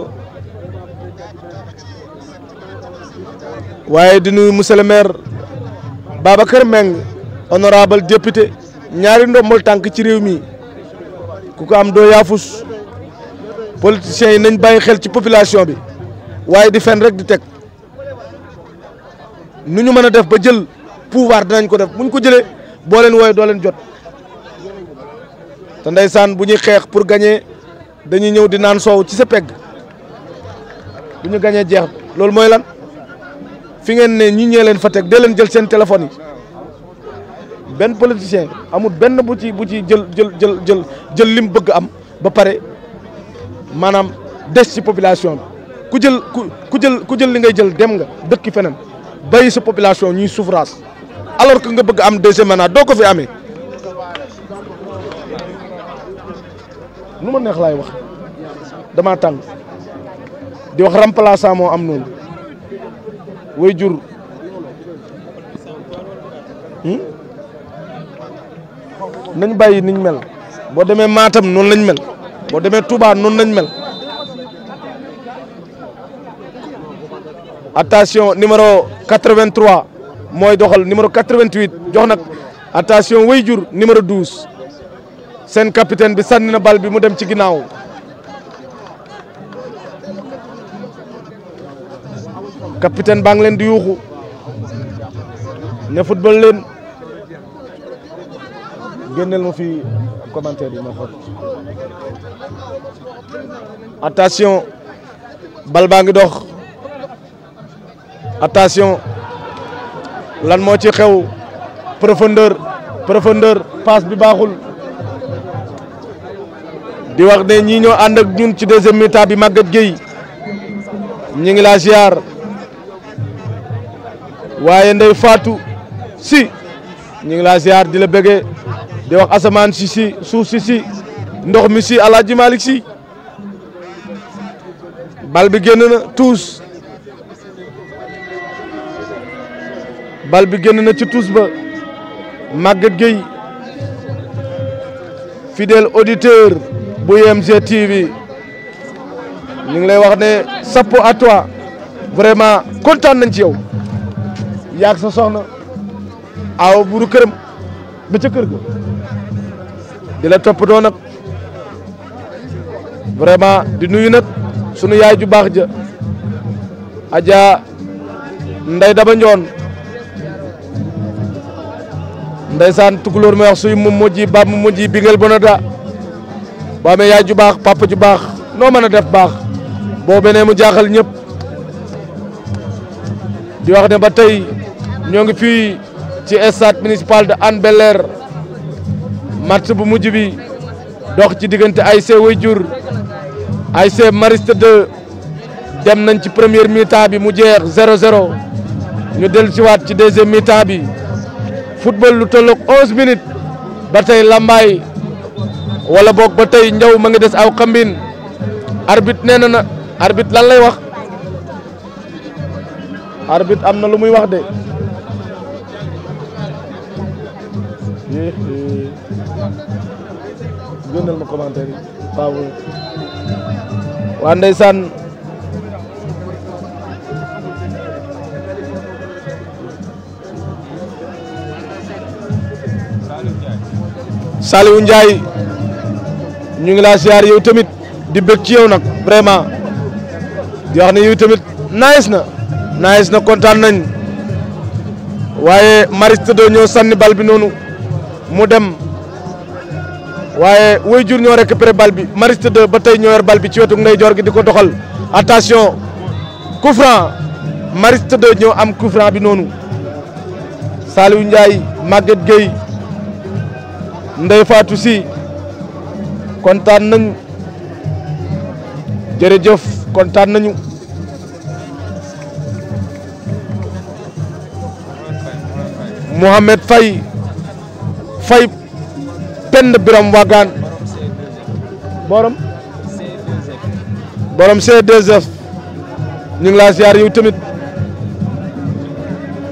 waaye di nuyu monsieur le maire Babacar Meng honorable député ñaari ndombol tànk ci réew mi ku ko am doo yaafus politiciens yi nañ bayyi xel ci population bi waye di fenn rek di tek nuñu mëna def ba jël pouvoir dinañ ko def buñ ko jëlé bo len woy do len jot te ndaysan buñu xex pour gagner dañuy ñëw di naan soow ci sa pegg buñu gagner jeex lool moy lan fi ngeen ne ñi ñëlen fa tek de len jël sen téléphone ben politicien amul ben bu ci bu ci jël jël jël jël jël lim bëgg am ba paré manam dess ci population bi ku jël ku jël ku jël li ngay jël dem nga dëkk fenen bàyyi sa population ñuy souffrance alors que nga bëgg am deuxième mandat do ko fi amé numa neex lay wax dama tang di wax remplaçant mo am non way jur hmm? nañ bayyi niñ mel bo matam matam non lañ mel boo demee Touba noonu lañ mel attention numéro 83 mooy doxal numéro 88 jox nag attention wayjur numéro 12 seen capitaine bi sànni na bal bi mu dem ci ginnaaw capitaine baa ngi leen di yuuxu ne football leen génneel ma fii commentaire yi ma attention bal baa ngi dox attention lan moo ci xew profondeur profondeur passe bi baaxul di wax ne ñii ñoo ànd ak ñun ci deuxième mi-temps bi ñi ngi ziar ndey Fatou si ñi ngi la ziar di la di wax asamaan si si suuf si si ndox mi si Alaaji Malick si bal bi génn na tuus bal bi génn na ci tuus ba Maguette Gueye fidèle auditeur bu IMG TV ñu ngi lay wax ne chapeau à toi vraiment kontaan nañ ci yow yaag sa na aw buru këram ba ca kër ga di la toppatoo nag vraiment di nuyu nag sunu yaay ju baax ja Adja Ndey Daba Njoon ndeysaan tukulóor ma wax suy mu mujj ba mu mujj bi ngel bona da boo amee yaay ju baax papa ju baax noo mën a def baax boo benee mu jaaxal ñëpp di wax ne ba tey ñoo ngi fii ci stade municipal de an Bel-Air bu mujj bi dox ci diggante ay ASC Wayjur ASC Mariste 2 dem nañ ci première mi bi mu jeex 0-0 ñu dellu si waat ci deuxième mi-temps bi football lu tolloog 11 minutes ba tey lambaay wala boog ba tey njaw ma ngi des aw xambin arbit nee na na arbitre lan lay wax arbit am na lu muy wax de génneel ma commentaire yi waaw ñu ngi laa siyaar yow tamit di bëgg ci yow nag vraiment di wax ne yow tamit nice na nice na kontaan nañ waaye Maristes doo ñëw sànni bal bi noonu mu dem waaye way jur rekk récupéré bal bi Mariste 2 ba tey ñoo yor bal bi ci wetu ndeyjoor gi di ko doxal attention coup franc Mariste ñoo am coup bi noonu Saliou Ndiaye Maguette Gueye Ndeye Fatou Sy kontaan nañu jërëjëf kontaan nañu Mohamed Faye fay pend biram wagaan borom borom C2F ñu ngi laa ziar tamit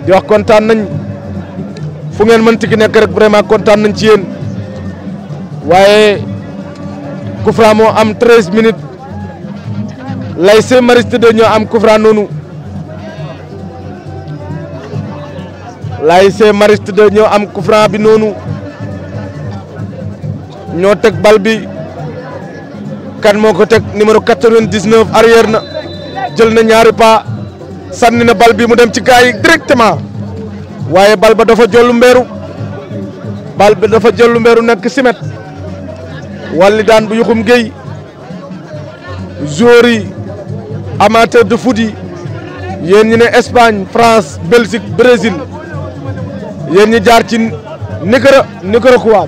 di wax kontaan nañ fu ngeen mënti ki nekk rek vraiment kontaan nañ ci yéen waaye Koufra moo am 13 minutes lay see mariste de ñoo am Koufra noonu lay see mariste de ñoo am Koufra bi noonu ñoo teg bal bi kan moo ko teg numéro 99 arrière na jël na ñaari pas sànni na bal bi mu dem ci gars yi directement waaye bal ba dafa jollu mbeeru bal bi dafa jollu mbeeru nekk simet walli daan bu yuxum géy joueurs amateur de foot yi yéen ñi ne Espagne France Belgique Brésil yéen ñi jaar ci Nicara Nicaragua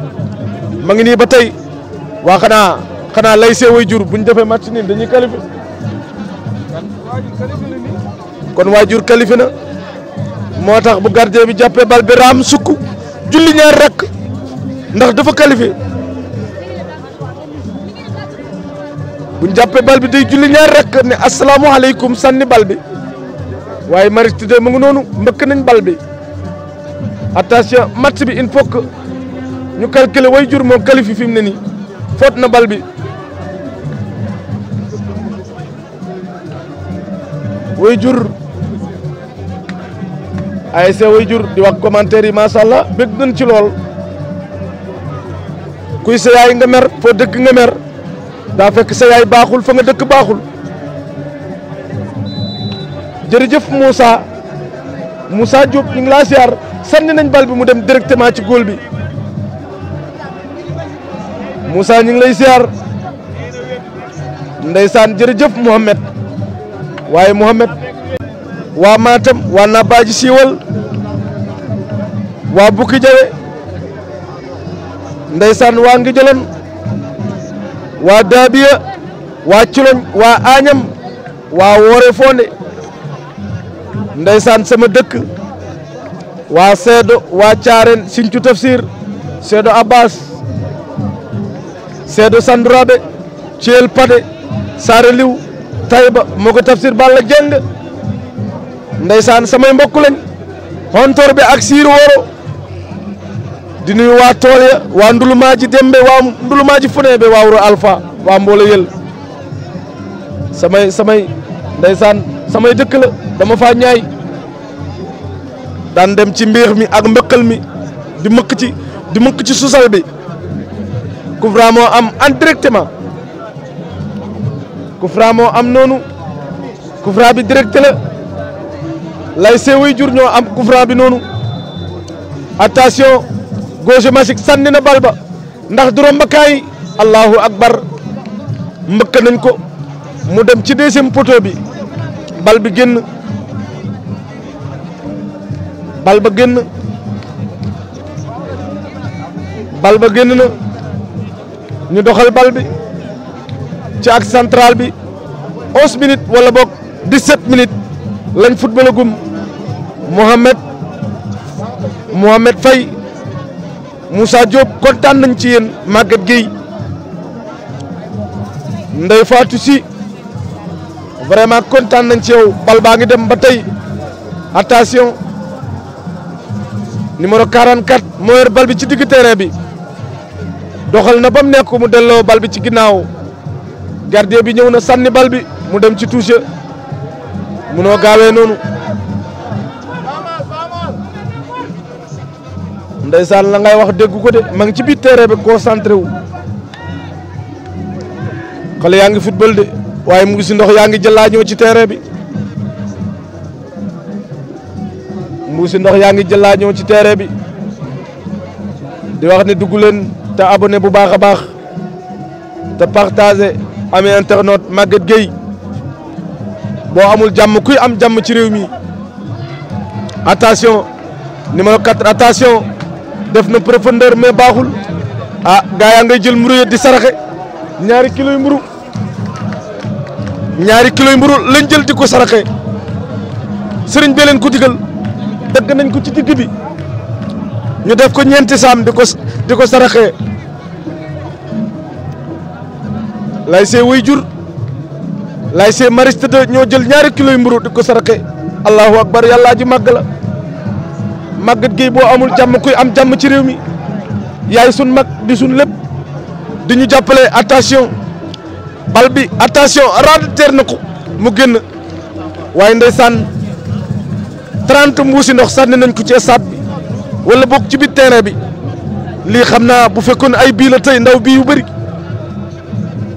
ma ngi nii ba tey waa xanaa xanaa lay see way jur bu ñu defee nii dañuy qualifié kon waajur qualifié na moo tax bu gardien bi jàppee bal bi raam sukk julli ñaar rakk ndax dafa qualifié bu ñu jàppee bal bi day julli ñaar rakk ne asalaamaaleykum sànni bal bi waaye Maris Tudé mu ngi noonu mbëkk nañ bal bi attention match bi il faut ñu calculé way jur mo neni, fim ne ni na bal bi way jur ASC way jur di wax commentaire yi macha allah bëgg nañ ci lool kuy sa yaay nga mer fo dëkk nga mer da fekk sa yaay baxul fa nga dëkk baaxul Moussa Moussa Diop ñu la ziar nañ bal bi mu dem directement ci bi Moussa ñu ngi lay siyaar ndeysaan jërëjëf Mouhamed waaye Mouhamed waa Matam waa Nabaaji siiwal waa Bukki Jawe ndeysaan waa ngi jëloon waa Daabiya waa Culoñ waa Añam waa Woore Fonde ndeysaan sama dëkk waa Seedo waa Caareen Sinthiou Tafsir Seedo Abbas seeɗo sanndiraaɓe ceel paɗe saare liw tayba moko tafsir balla jennga ndeysaan samay mbokk lañ hontorɓe ak siir woro di nuyu waa tool ya waa ndulumaaji dembe waa ndulumaaji funeeɓe waa wuro alpha waa mboolo yel samay samay ndeysaan samay dëkk la dama faa ñaay daan dem ci mbiix mi ak mbëqal mi di mëkk ci di mëkk ci susal bi coup moo am en directement coup franc moo am noonu coup bi direct la lay seewuy jur ñoo am coup bi noonu attention gauche magique sànni na bal ba ndax du romb kaay allahu akbar mbëkk nañ ko mu dem ci deuxième poteau bi bal bi génn bal ba génn bal ba génn na ñu doxal bal bi ci ak central bi 11 minutes wala bok 17 sept minutes lañ gum mohammed mohammed fay Moussa Diop kontaan nañ ci yeen magat gey ndey Fatou si vraiment kontaan nañ ci yow bal baangi dem ba tay attention numéro 44 moo bal bi ci digg terrain bi doxal na bam mu nekk mu delloo bal bi ci ginnaaw gardien bi ñëw na sànni bal bi mu dem ci touche munoo gaawee noonu ndeysaan la ngay wax dégg ko de ma ngi ci biir terrain bi concentré wu xale yaa football de waaye mu ngi si ndox yaa ngi jëlaa ci terrain bi mu ngi si ndox yaa ngi jëlaa ci bi di wax ta abonné bu baax baax te partager ami internet magat Gueye bo amul jam kuy am jam ci rew mi attention numéro 4 attention def na profondeur mais baaxul ah gaa yaa ngay jël muru nyari di saraxé ñaari kilo muru ñaari kilo muru lañ jël di ko saraxe sëriñ bee ko digal deug nañ ko ci digg bi ñu def ko ñenti sam di ko di lay see way jur lay see mariste ñoo jël ñaari kilos yu mburu di ko saraxe allahu akbar yàllaa ji màgg la màggat gi boo amul jàmm kuy am jàmm ci réew mi yaay suñ mag di suñ lépp di ñu jàppale attention bal bi attention raad teer na ko mu génn waaye ndeysaan trente mbuusi ndox sànni nañ ko ci stade bi wala boog ci biir terrain bi lii xam naa bu fekkoon ay bii la tey ndaw bii yu bari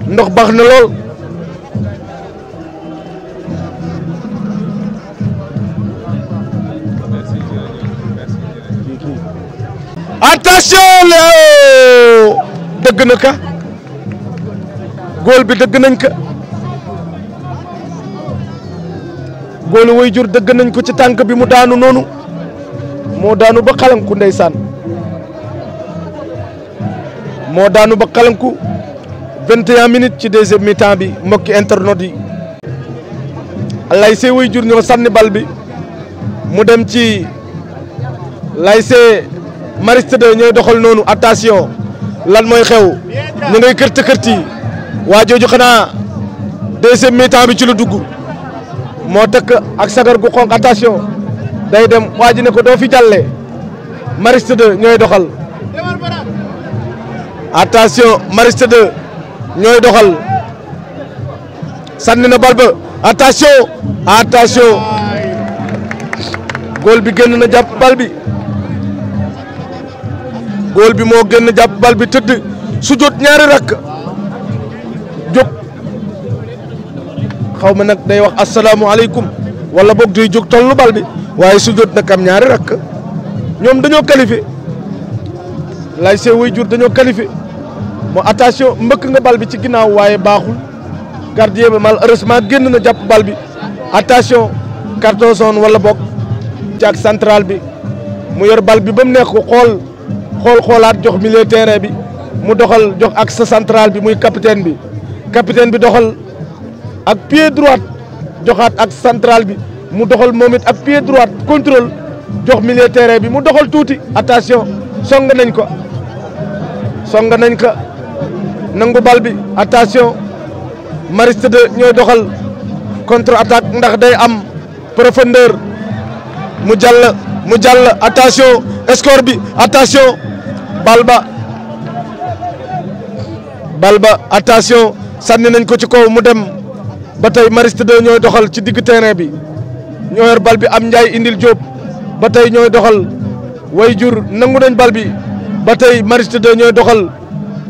ndox baax na lool attention Léo dëgg na ka góol bi dëgg nañ ka góolu way jur dëgg nañ ko ci tànk bi mu daanu noonu moo daanu ba xalanku ndeysaan moo daanu ba xalanku 21 minutes ci deuxième mi bi mbokki internautes yi Laysé wuy jur ñoo sànni bal bi mu dem ci Laysé Mariste 2 ñooy doxal noonu attention lan mooy xew ñu ngay kërti kërti waa jooju xanaa deuxième mi-temps bi ci la dugg moo tëkk ak sagar gu xonq attention day dem waa ji ne ko doo fi jàlle Mariste 2 ñooy doxal attention Mariste 2 ñooy doxal sànni na bal ba attention attention góol bi génn na jàpp bal bi góol bi moo génn jàpp bal bi tëdd su ñaari rakk jóg xaw ma nag day wax asalaamualeykum wala boog day jóg tollu bal bi waaye su jot nag am ñaari rakk ñoom dañoo qualifié lay see way dañoo qualifié mo attention mbeuk nga bal bi ci ginaaw waye baxul gardien bi heureusement genn na japp bal bi attention carton jaune wala bokk jaag central bi mu yor bal bi bam mu ko xol xol xolat jox milieu terrain bi mu doxal jox ak sa central bi muy capitaine bi capitaine bi doxal ak pied droit joxat ak central bi mu doxal momit ak pied droit contrôle jox milieu terrain bi mu doxal touti attention song nañ ko song nañ ko nangu bal bi attention mariste Teude ñooy doxal contre attaque ndax day am profondeur mu jàll mu jàll attention score bi attention bal ba bal ba attention sànni nañ ko ci kaw mu dem ba tey mariste Teude ñooy doxal ci digg terrain bi ñoo yor bal bi am njaay indil Diop ba tey ñooy doxal way jur nangu nañ bal bi ba tey mariste Teude ñooy doxal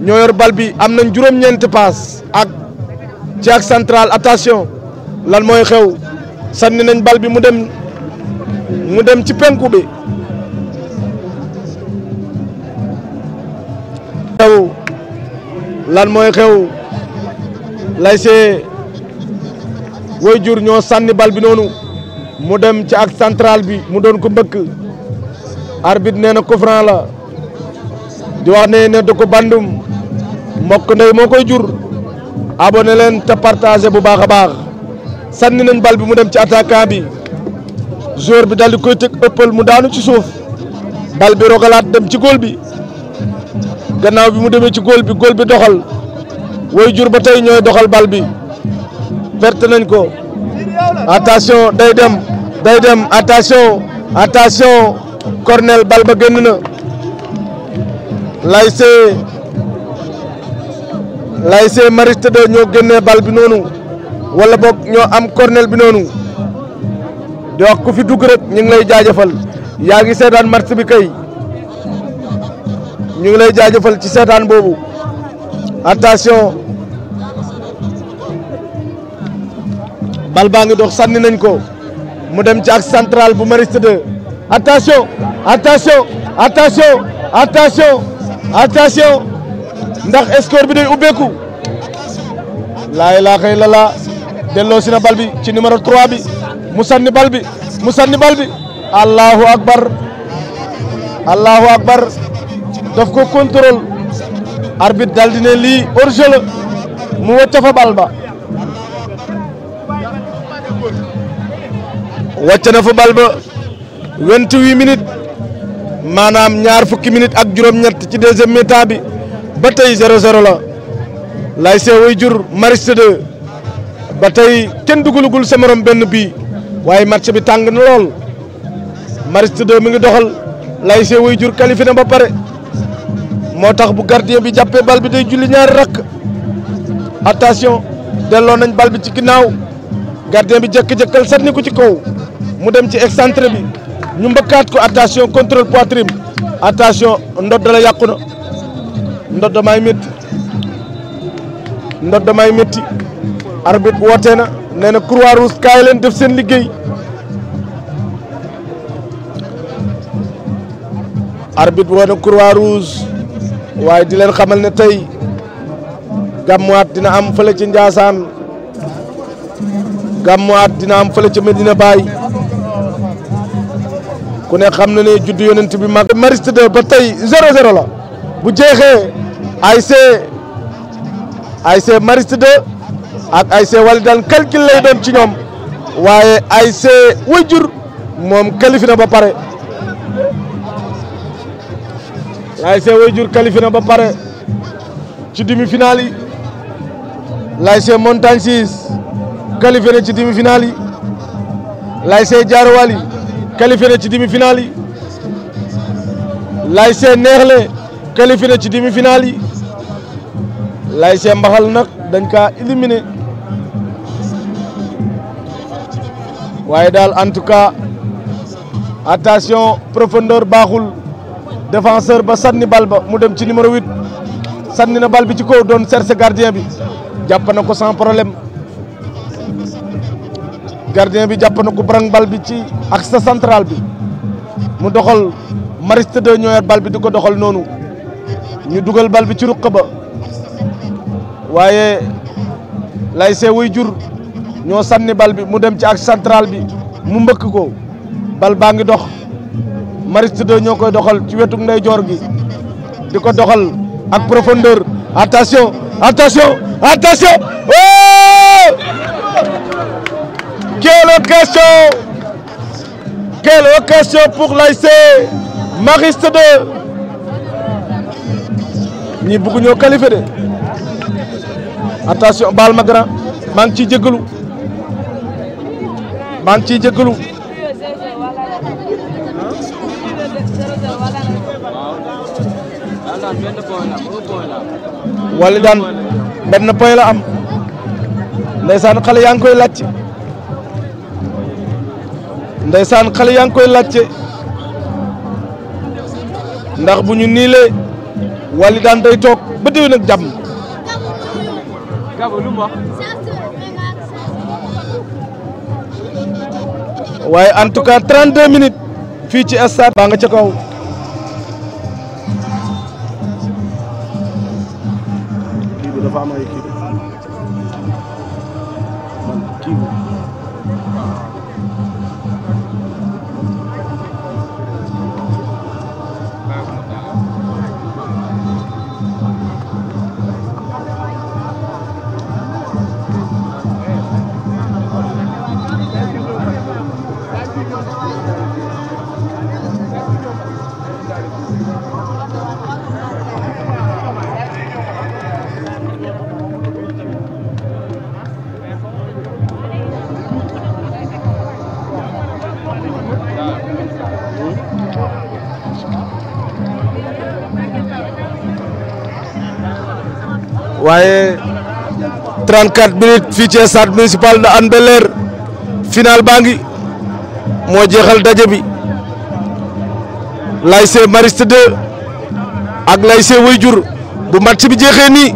ñoo bal bi am nañ juróom-ñeenti paas ak ci ak central attention lan mooy xew sànni nañ bal bi mu dem mu dem ci penku bi. xew lan mooy xew lay see way jur ñoo sànni bal bi noonu mu dem ci ak central bi mu doon ko mbëkk arbit nee na coup la di wax ne ne da ko bandum mbokk ndey moo koy jur abonné leen te partagé bu baax a baax sànni nañ bal bi mu dem ci attaquant bi joueur bi dal di koy tëg ëppal mu daanu ci suuf bal bi rogalaat dem ci góol bi gannaaw bi mu demee ci góol bi góol bi doxal way jur ba tey ñooy doxal bal bi perte nañ ko attention day dem day dem attention attention cornel bal ba génn na laysé l'ASC Maristes 2 ñoo génnee bal bi noonu wala boog ñoo am kornel bi noonu di wax ku fi dugg ñu ngi lay jaajëfal yaa ngi seetaan match bi kay ñu ngi lay jaajëfal ci seetaan boobu attention bal baa ngi dox sànni nañ ko mu dem ci axe central bu Maristes 2 attention attention attention attention attention ndax score bi day ubbeeku laay laa xëy la laa delloo bi ci numéro 3 bi mu sànni bal bi mu sànni bal bi allahu akbar allahu akbar daf ko contrôle arbitre daal di ne lii hors mu wàcc fa bal ba wàcc na fa bal ba 28 minutes maanaam ñaar fukki minutes ak juróom-ñett ci deuxième mi bi batay tey 0-0 la lay see way jur Mariste de batay ken kenn dugalugul sa morom ben bi waye match bi tang na lol Mariste de mi ngi doxal lay see way jur qualifié na ba pare motax bu gardien bi jappé bal bi day julli ñaar rak attention delo nañ bal bi ci ginnaaw gardien bi jëkk-jëkkal sànni ko ci kaw mu dem ci excentre bi ñu mbëkkaat ko attention contrôle poitrine attention ndod la yakuna ndodd damay métti ndodd damay métti arbitre woote na nee na Croix Rouge kaay leen def seen liggéey arbitre woo na Croix Rouge waaye di leen xamal ne tey gàmmuwaat dina am fële ci Ndiassane gàmmuwaat dina am fële ci Medina Baye ku ne xam na ne juddu yonent bi mag mariste de ba tey zéro zéro la bu jeexee ASC ASC Mariste 2 ak ASC Walidane calcul lay doon ci ñoom waaye ASC Wajur moom qualifié ba pare ASC Wajur qualifié na ba pare ci demi-finale yi l'ASC Montagne 6 qualifié ci demi-finale yi l'ASC Diarouwali qualifié na ci demi-finale yi l'ASC Neexle qualifié ci demi-finale laïcé Mbaxal nak dañ ka éliminé waye dal en tout cas attention profondeur baxul défenseur ba sanni bal ba mu dem ci numéro 8 sanni na bal bi ci ko don chercher gardien bi japp na ko sans problème gardien bi japp na ko brang bal bi ci axe central bi mu doxal mariste de ñëwaat bal bi di ko doxal nonu ñu duggal bal bi ci ruq ba waaye Laysé wuy jur ñoo sànni bal bi mu dem ci ak central bi mu mbëkk ko bal baa ngi dox Maristes 2 ñoo koy doxal ci wetu ndeyjoor gi di ko doxal ak profondeur attention attention attention oh quelle occasion quelle pour Laysé Maristes 2 ñi bëgg ñoo de attention baal ma grand maa ngi ciy jégalu maa ngi ciy jégalu wala daan benn point la am ndeysaan xale yaa ngi koy laajte ndeysaan xale yaa ngi koy laajte ndax bu ñu niilee wali daan day toog ba déwén Gabo waaye en tout cas 32 minutes fii ci stade baa nga ca kaw. waaye 34 minutes fii ci stade municipal de Hann Bel-Air final baa ngi moo jeexal daje bi lycée Mariste 2 ak lycée Wayjur bu match bi jeexee nii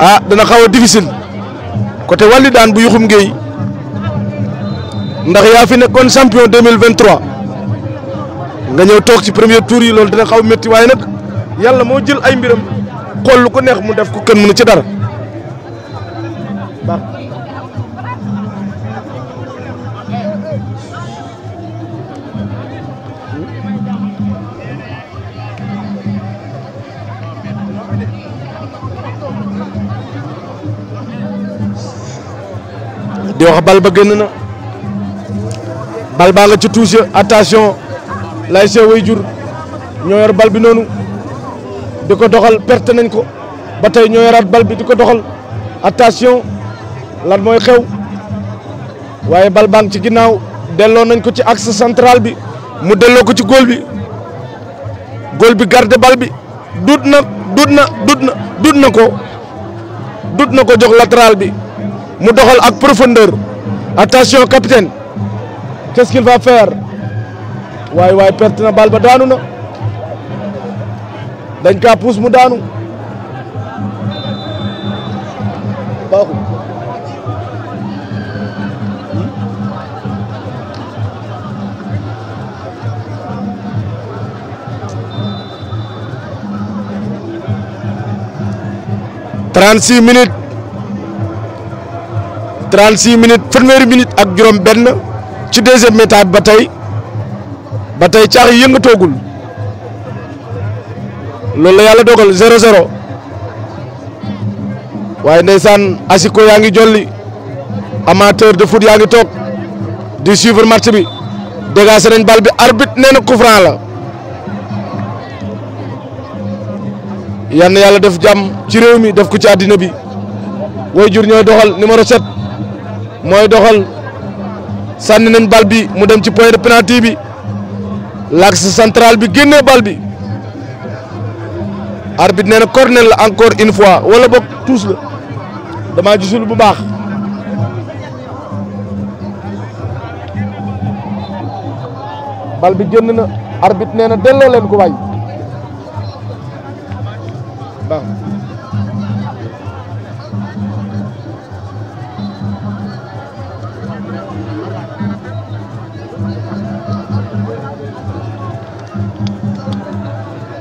ah dana xaw a difficile côté wàllu daan bu yuxum Gueye ndax yaa fi nekkoon champion 2023 nga ñëw toog ci premier tour yi loolu dina xaw métti waaye nag yàlla moo jël ay mbiram. xool lu ko neex mu def ko mun mënu ci dara di wax bal ba génn na bal baa nga ci touche attention lay see way jur ñoo bal bi noonu diko doxal perte nañ ko batay ñoy rat bal bi diko doxal attention lan moy xew waye bal bang ci ginnaw delo nañ ko ci axe central bi mu delo ko ci bi gol bi garde bal bi dudna dudna dudna dudna ko dudna ko jox lateral bi mu doxal ak profondeur attention capitaine qu'est-ce qu'il va faire waye waye perte na bal ba daanu na dañ ka puus mu daanu baaxu trente six minutes trente six minutes première minute ak juróom benn ci deuxième étape ba tey ba tey caax yi yëngatoogul loolu la yàlla dogal zéro zéro waaye saan asiko yaa ngi jolli amateur de foot yaa ngi toog di suivre match bi dégagé nañ bal bi arbitre nee na coup la yal na yàlla def jàmm ci réew mi def ko ci àddina bi way jur ñooy doxal numéro 7 mooy doxal sànni nañ bal bi mu dem ci point de penalty bi l'axe central bi génnee bal bi arbitre nena corner la encore une fois wala bok tous la dama gisul bu bax bal bi jenn na arbitre nena na len ko waay bah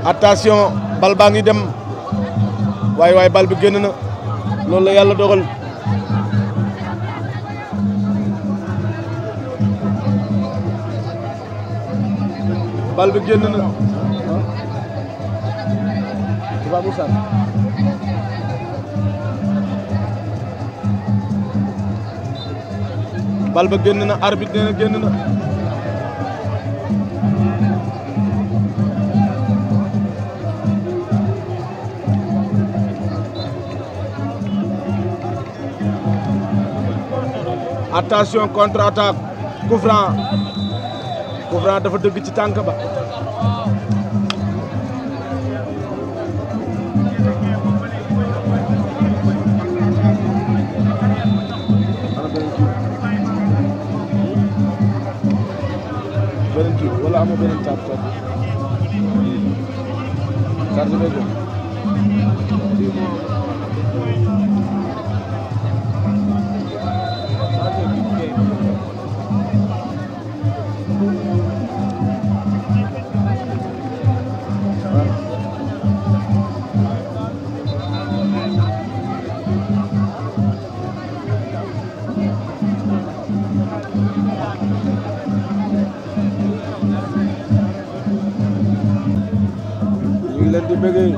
attention bal baa dem way way bal bi genn na lolou la yalla dogal bal bi genn na Tuba musa bal ba genn na arbitre na genn na attention contre attaque coup franc coup franc dafa tànk ba di bëggee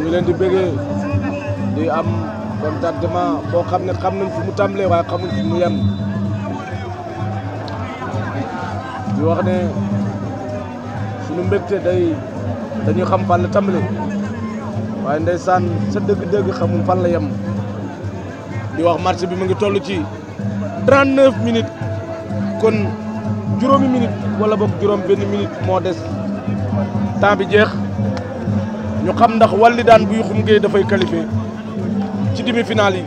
ñu leen di bëggee di am contentement xam ne xam nañ fu mu tàmbalee waaye xamuñ fu mu yem di wax ne suñu mbégte day dañuy xam fan la tàmbalee waaye ndeysaan sa dëgg-dëgg xamul fan la yem di wax marché bi mu ngi toll ci 39 minutes kon juromi minutes wala bok jurom ben minute mo dess temps bi jeex ñu xam ndax walidan bu buy xum da fay qualifié ci demi-finale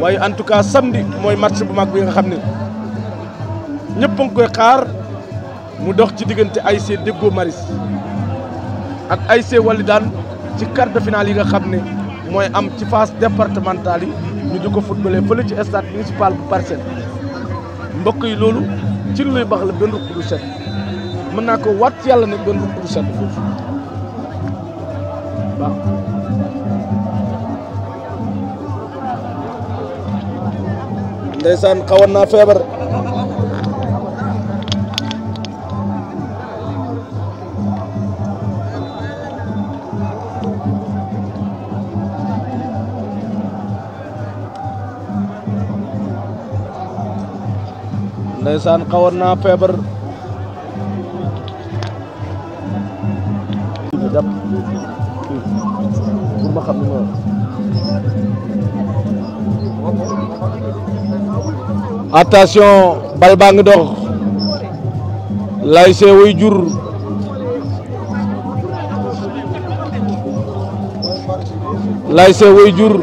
yi en tout cas samedi moy match bu mag bi nga xam ñepp ñëpp koy xaar mu dox ci digënté ASC Deggo Maris ak ASC walidan ci quart de finale yi nga xam moy am ci phase départementale yi ñu diko ko footballé ci stade municipal bu parcelle mbokk yi loolu ci luy baax la benn ruq du set mën naa ko waat yàlla ne benn ruq du set foofu waaw ndeysaan naa feebar ndeysaan xawoon naa feebar jàpp pour ma xam ne attention bal dox lay see wuy jur lay see wuy jur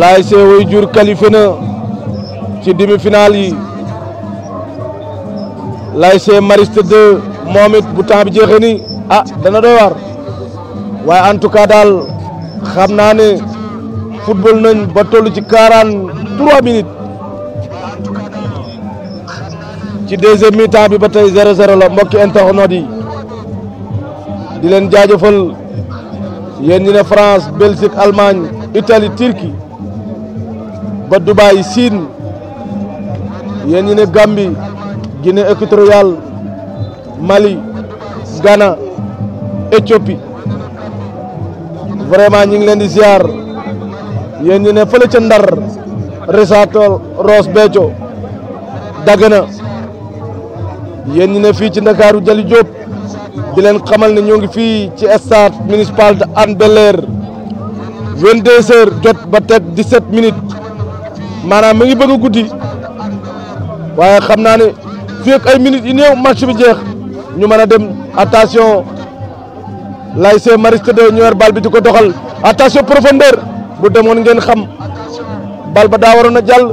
lay see ci demi-finale yi l'ASC Mariste 2 moom bu temps bi ni ah dana doy waar waaye en tout cas daal xam naa ne football nañ ba toll ci quarante-trois minutes ci deuxième mi-temps bi ba tey zéro zéro la mbokki internautes yi di leen jaajëfal yéen ñi ne France Belgique Allemagne Italie Turquie ba Dubaï Chine yéen ñi ne Gambie Guinée équatoriale Mali Ghana Éthiopie vraiment ñu ngi leen di ziar yéen ne fële ca Ndar Risaato Ross Béthio Dagana yéen ñi ne fii ci Ndakaaru Jali Diop di leen xamal ne ñoo ngi fii ci stade municipal de Hann Bel-Air 22 jot ba teg 17 minutes maanaam mi ngi bëgg a guddi. waaye xam naa ne ay minutes yu néew match bi jeex ñu mën a dem attention Laïc Maristes 2 ñu weer bal bi di ko doxal attention profondeur bu demoon ngeen xam bal ba daa waroon a jàll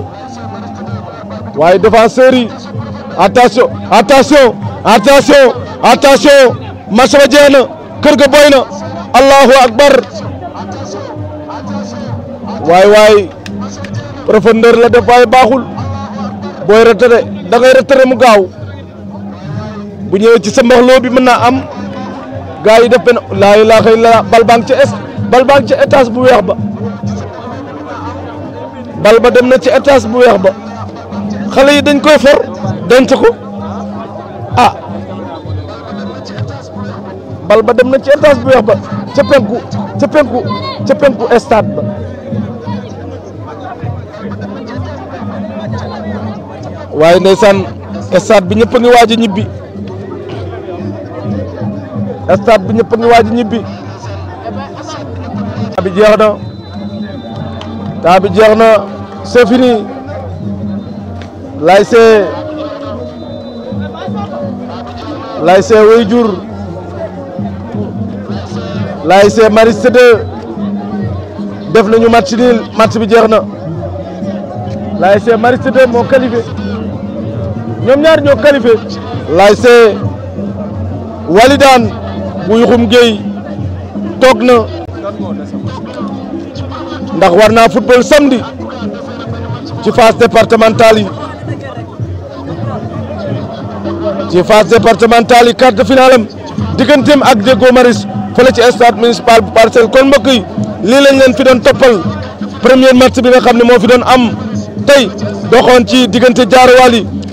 waaye défenseurs yi attention attention attention attention match ba jeex na kër ga boy na allahu akbar waay waay profondeur la def baaxul booy retraité da ngay mu gaaw bu ñëwee ci sa bi mën naa am gars yi def benn laa ilaaha illa bal baa ngi ca es bu weex ba dem na ci étage bu weex ba xale yi dañ koy for denc ko ah bal ba dem na ci étage bu weex ba ca penku ca penku penku stade ba. waaye ndeysaan stade bi ñëpp a ngi waaj a ñibbi stade bi ñëpp a ngi ñibbi temps bi jeex na temps bi jeex na c'est fini Laye Seye Laye Seye Wayjur Laye Seye Maristes def nañu match nul match bi jeex na Laye Seye Maristes moo qualifié ñoom ñaar ñoo qualifié laay walidaan bu yuxum géey toog na ndax war naa football samedi ci phase départementale yi ci phase départementale yi de finale digganteem ak Diego Maris fële municipal bu kon mbokk yi lii lañ leen fi doon toppal premier match bi nga xam ne moo fi doon am tey doxoon ci diggante jaarawaal yi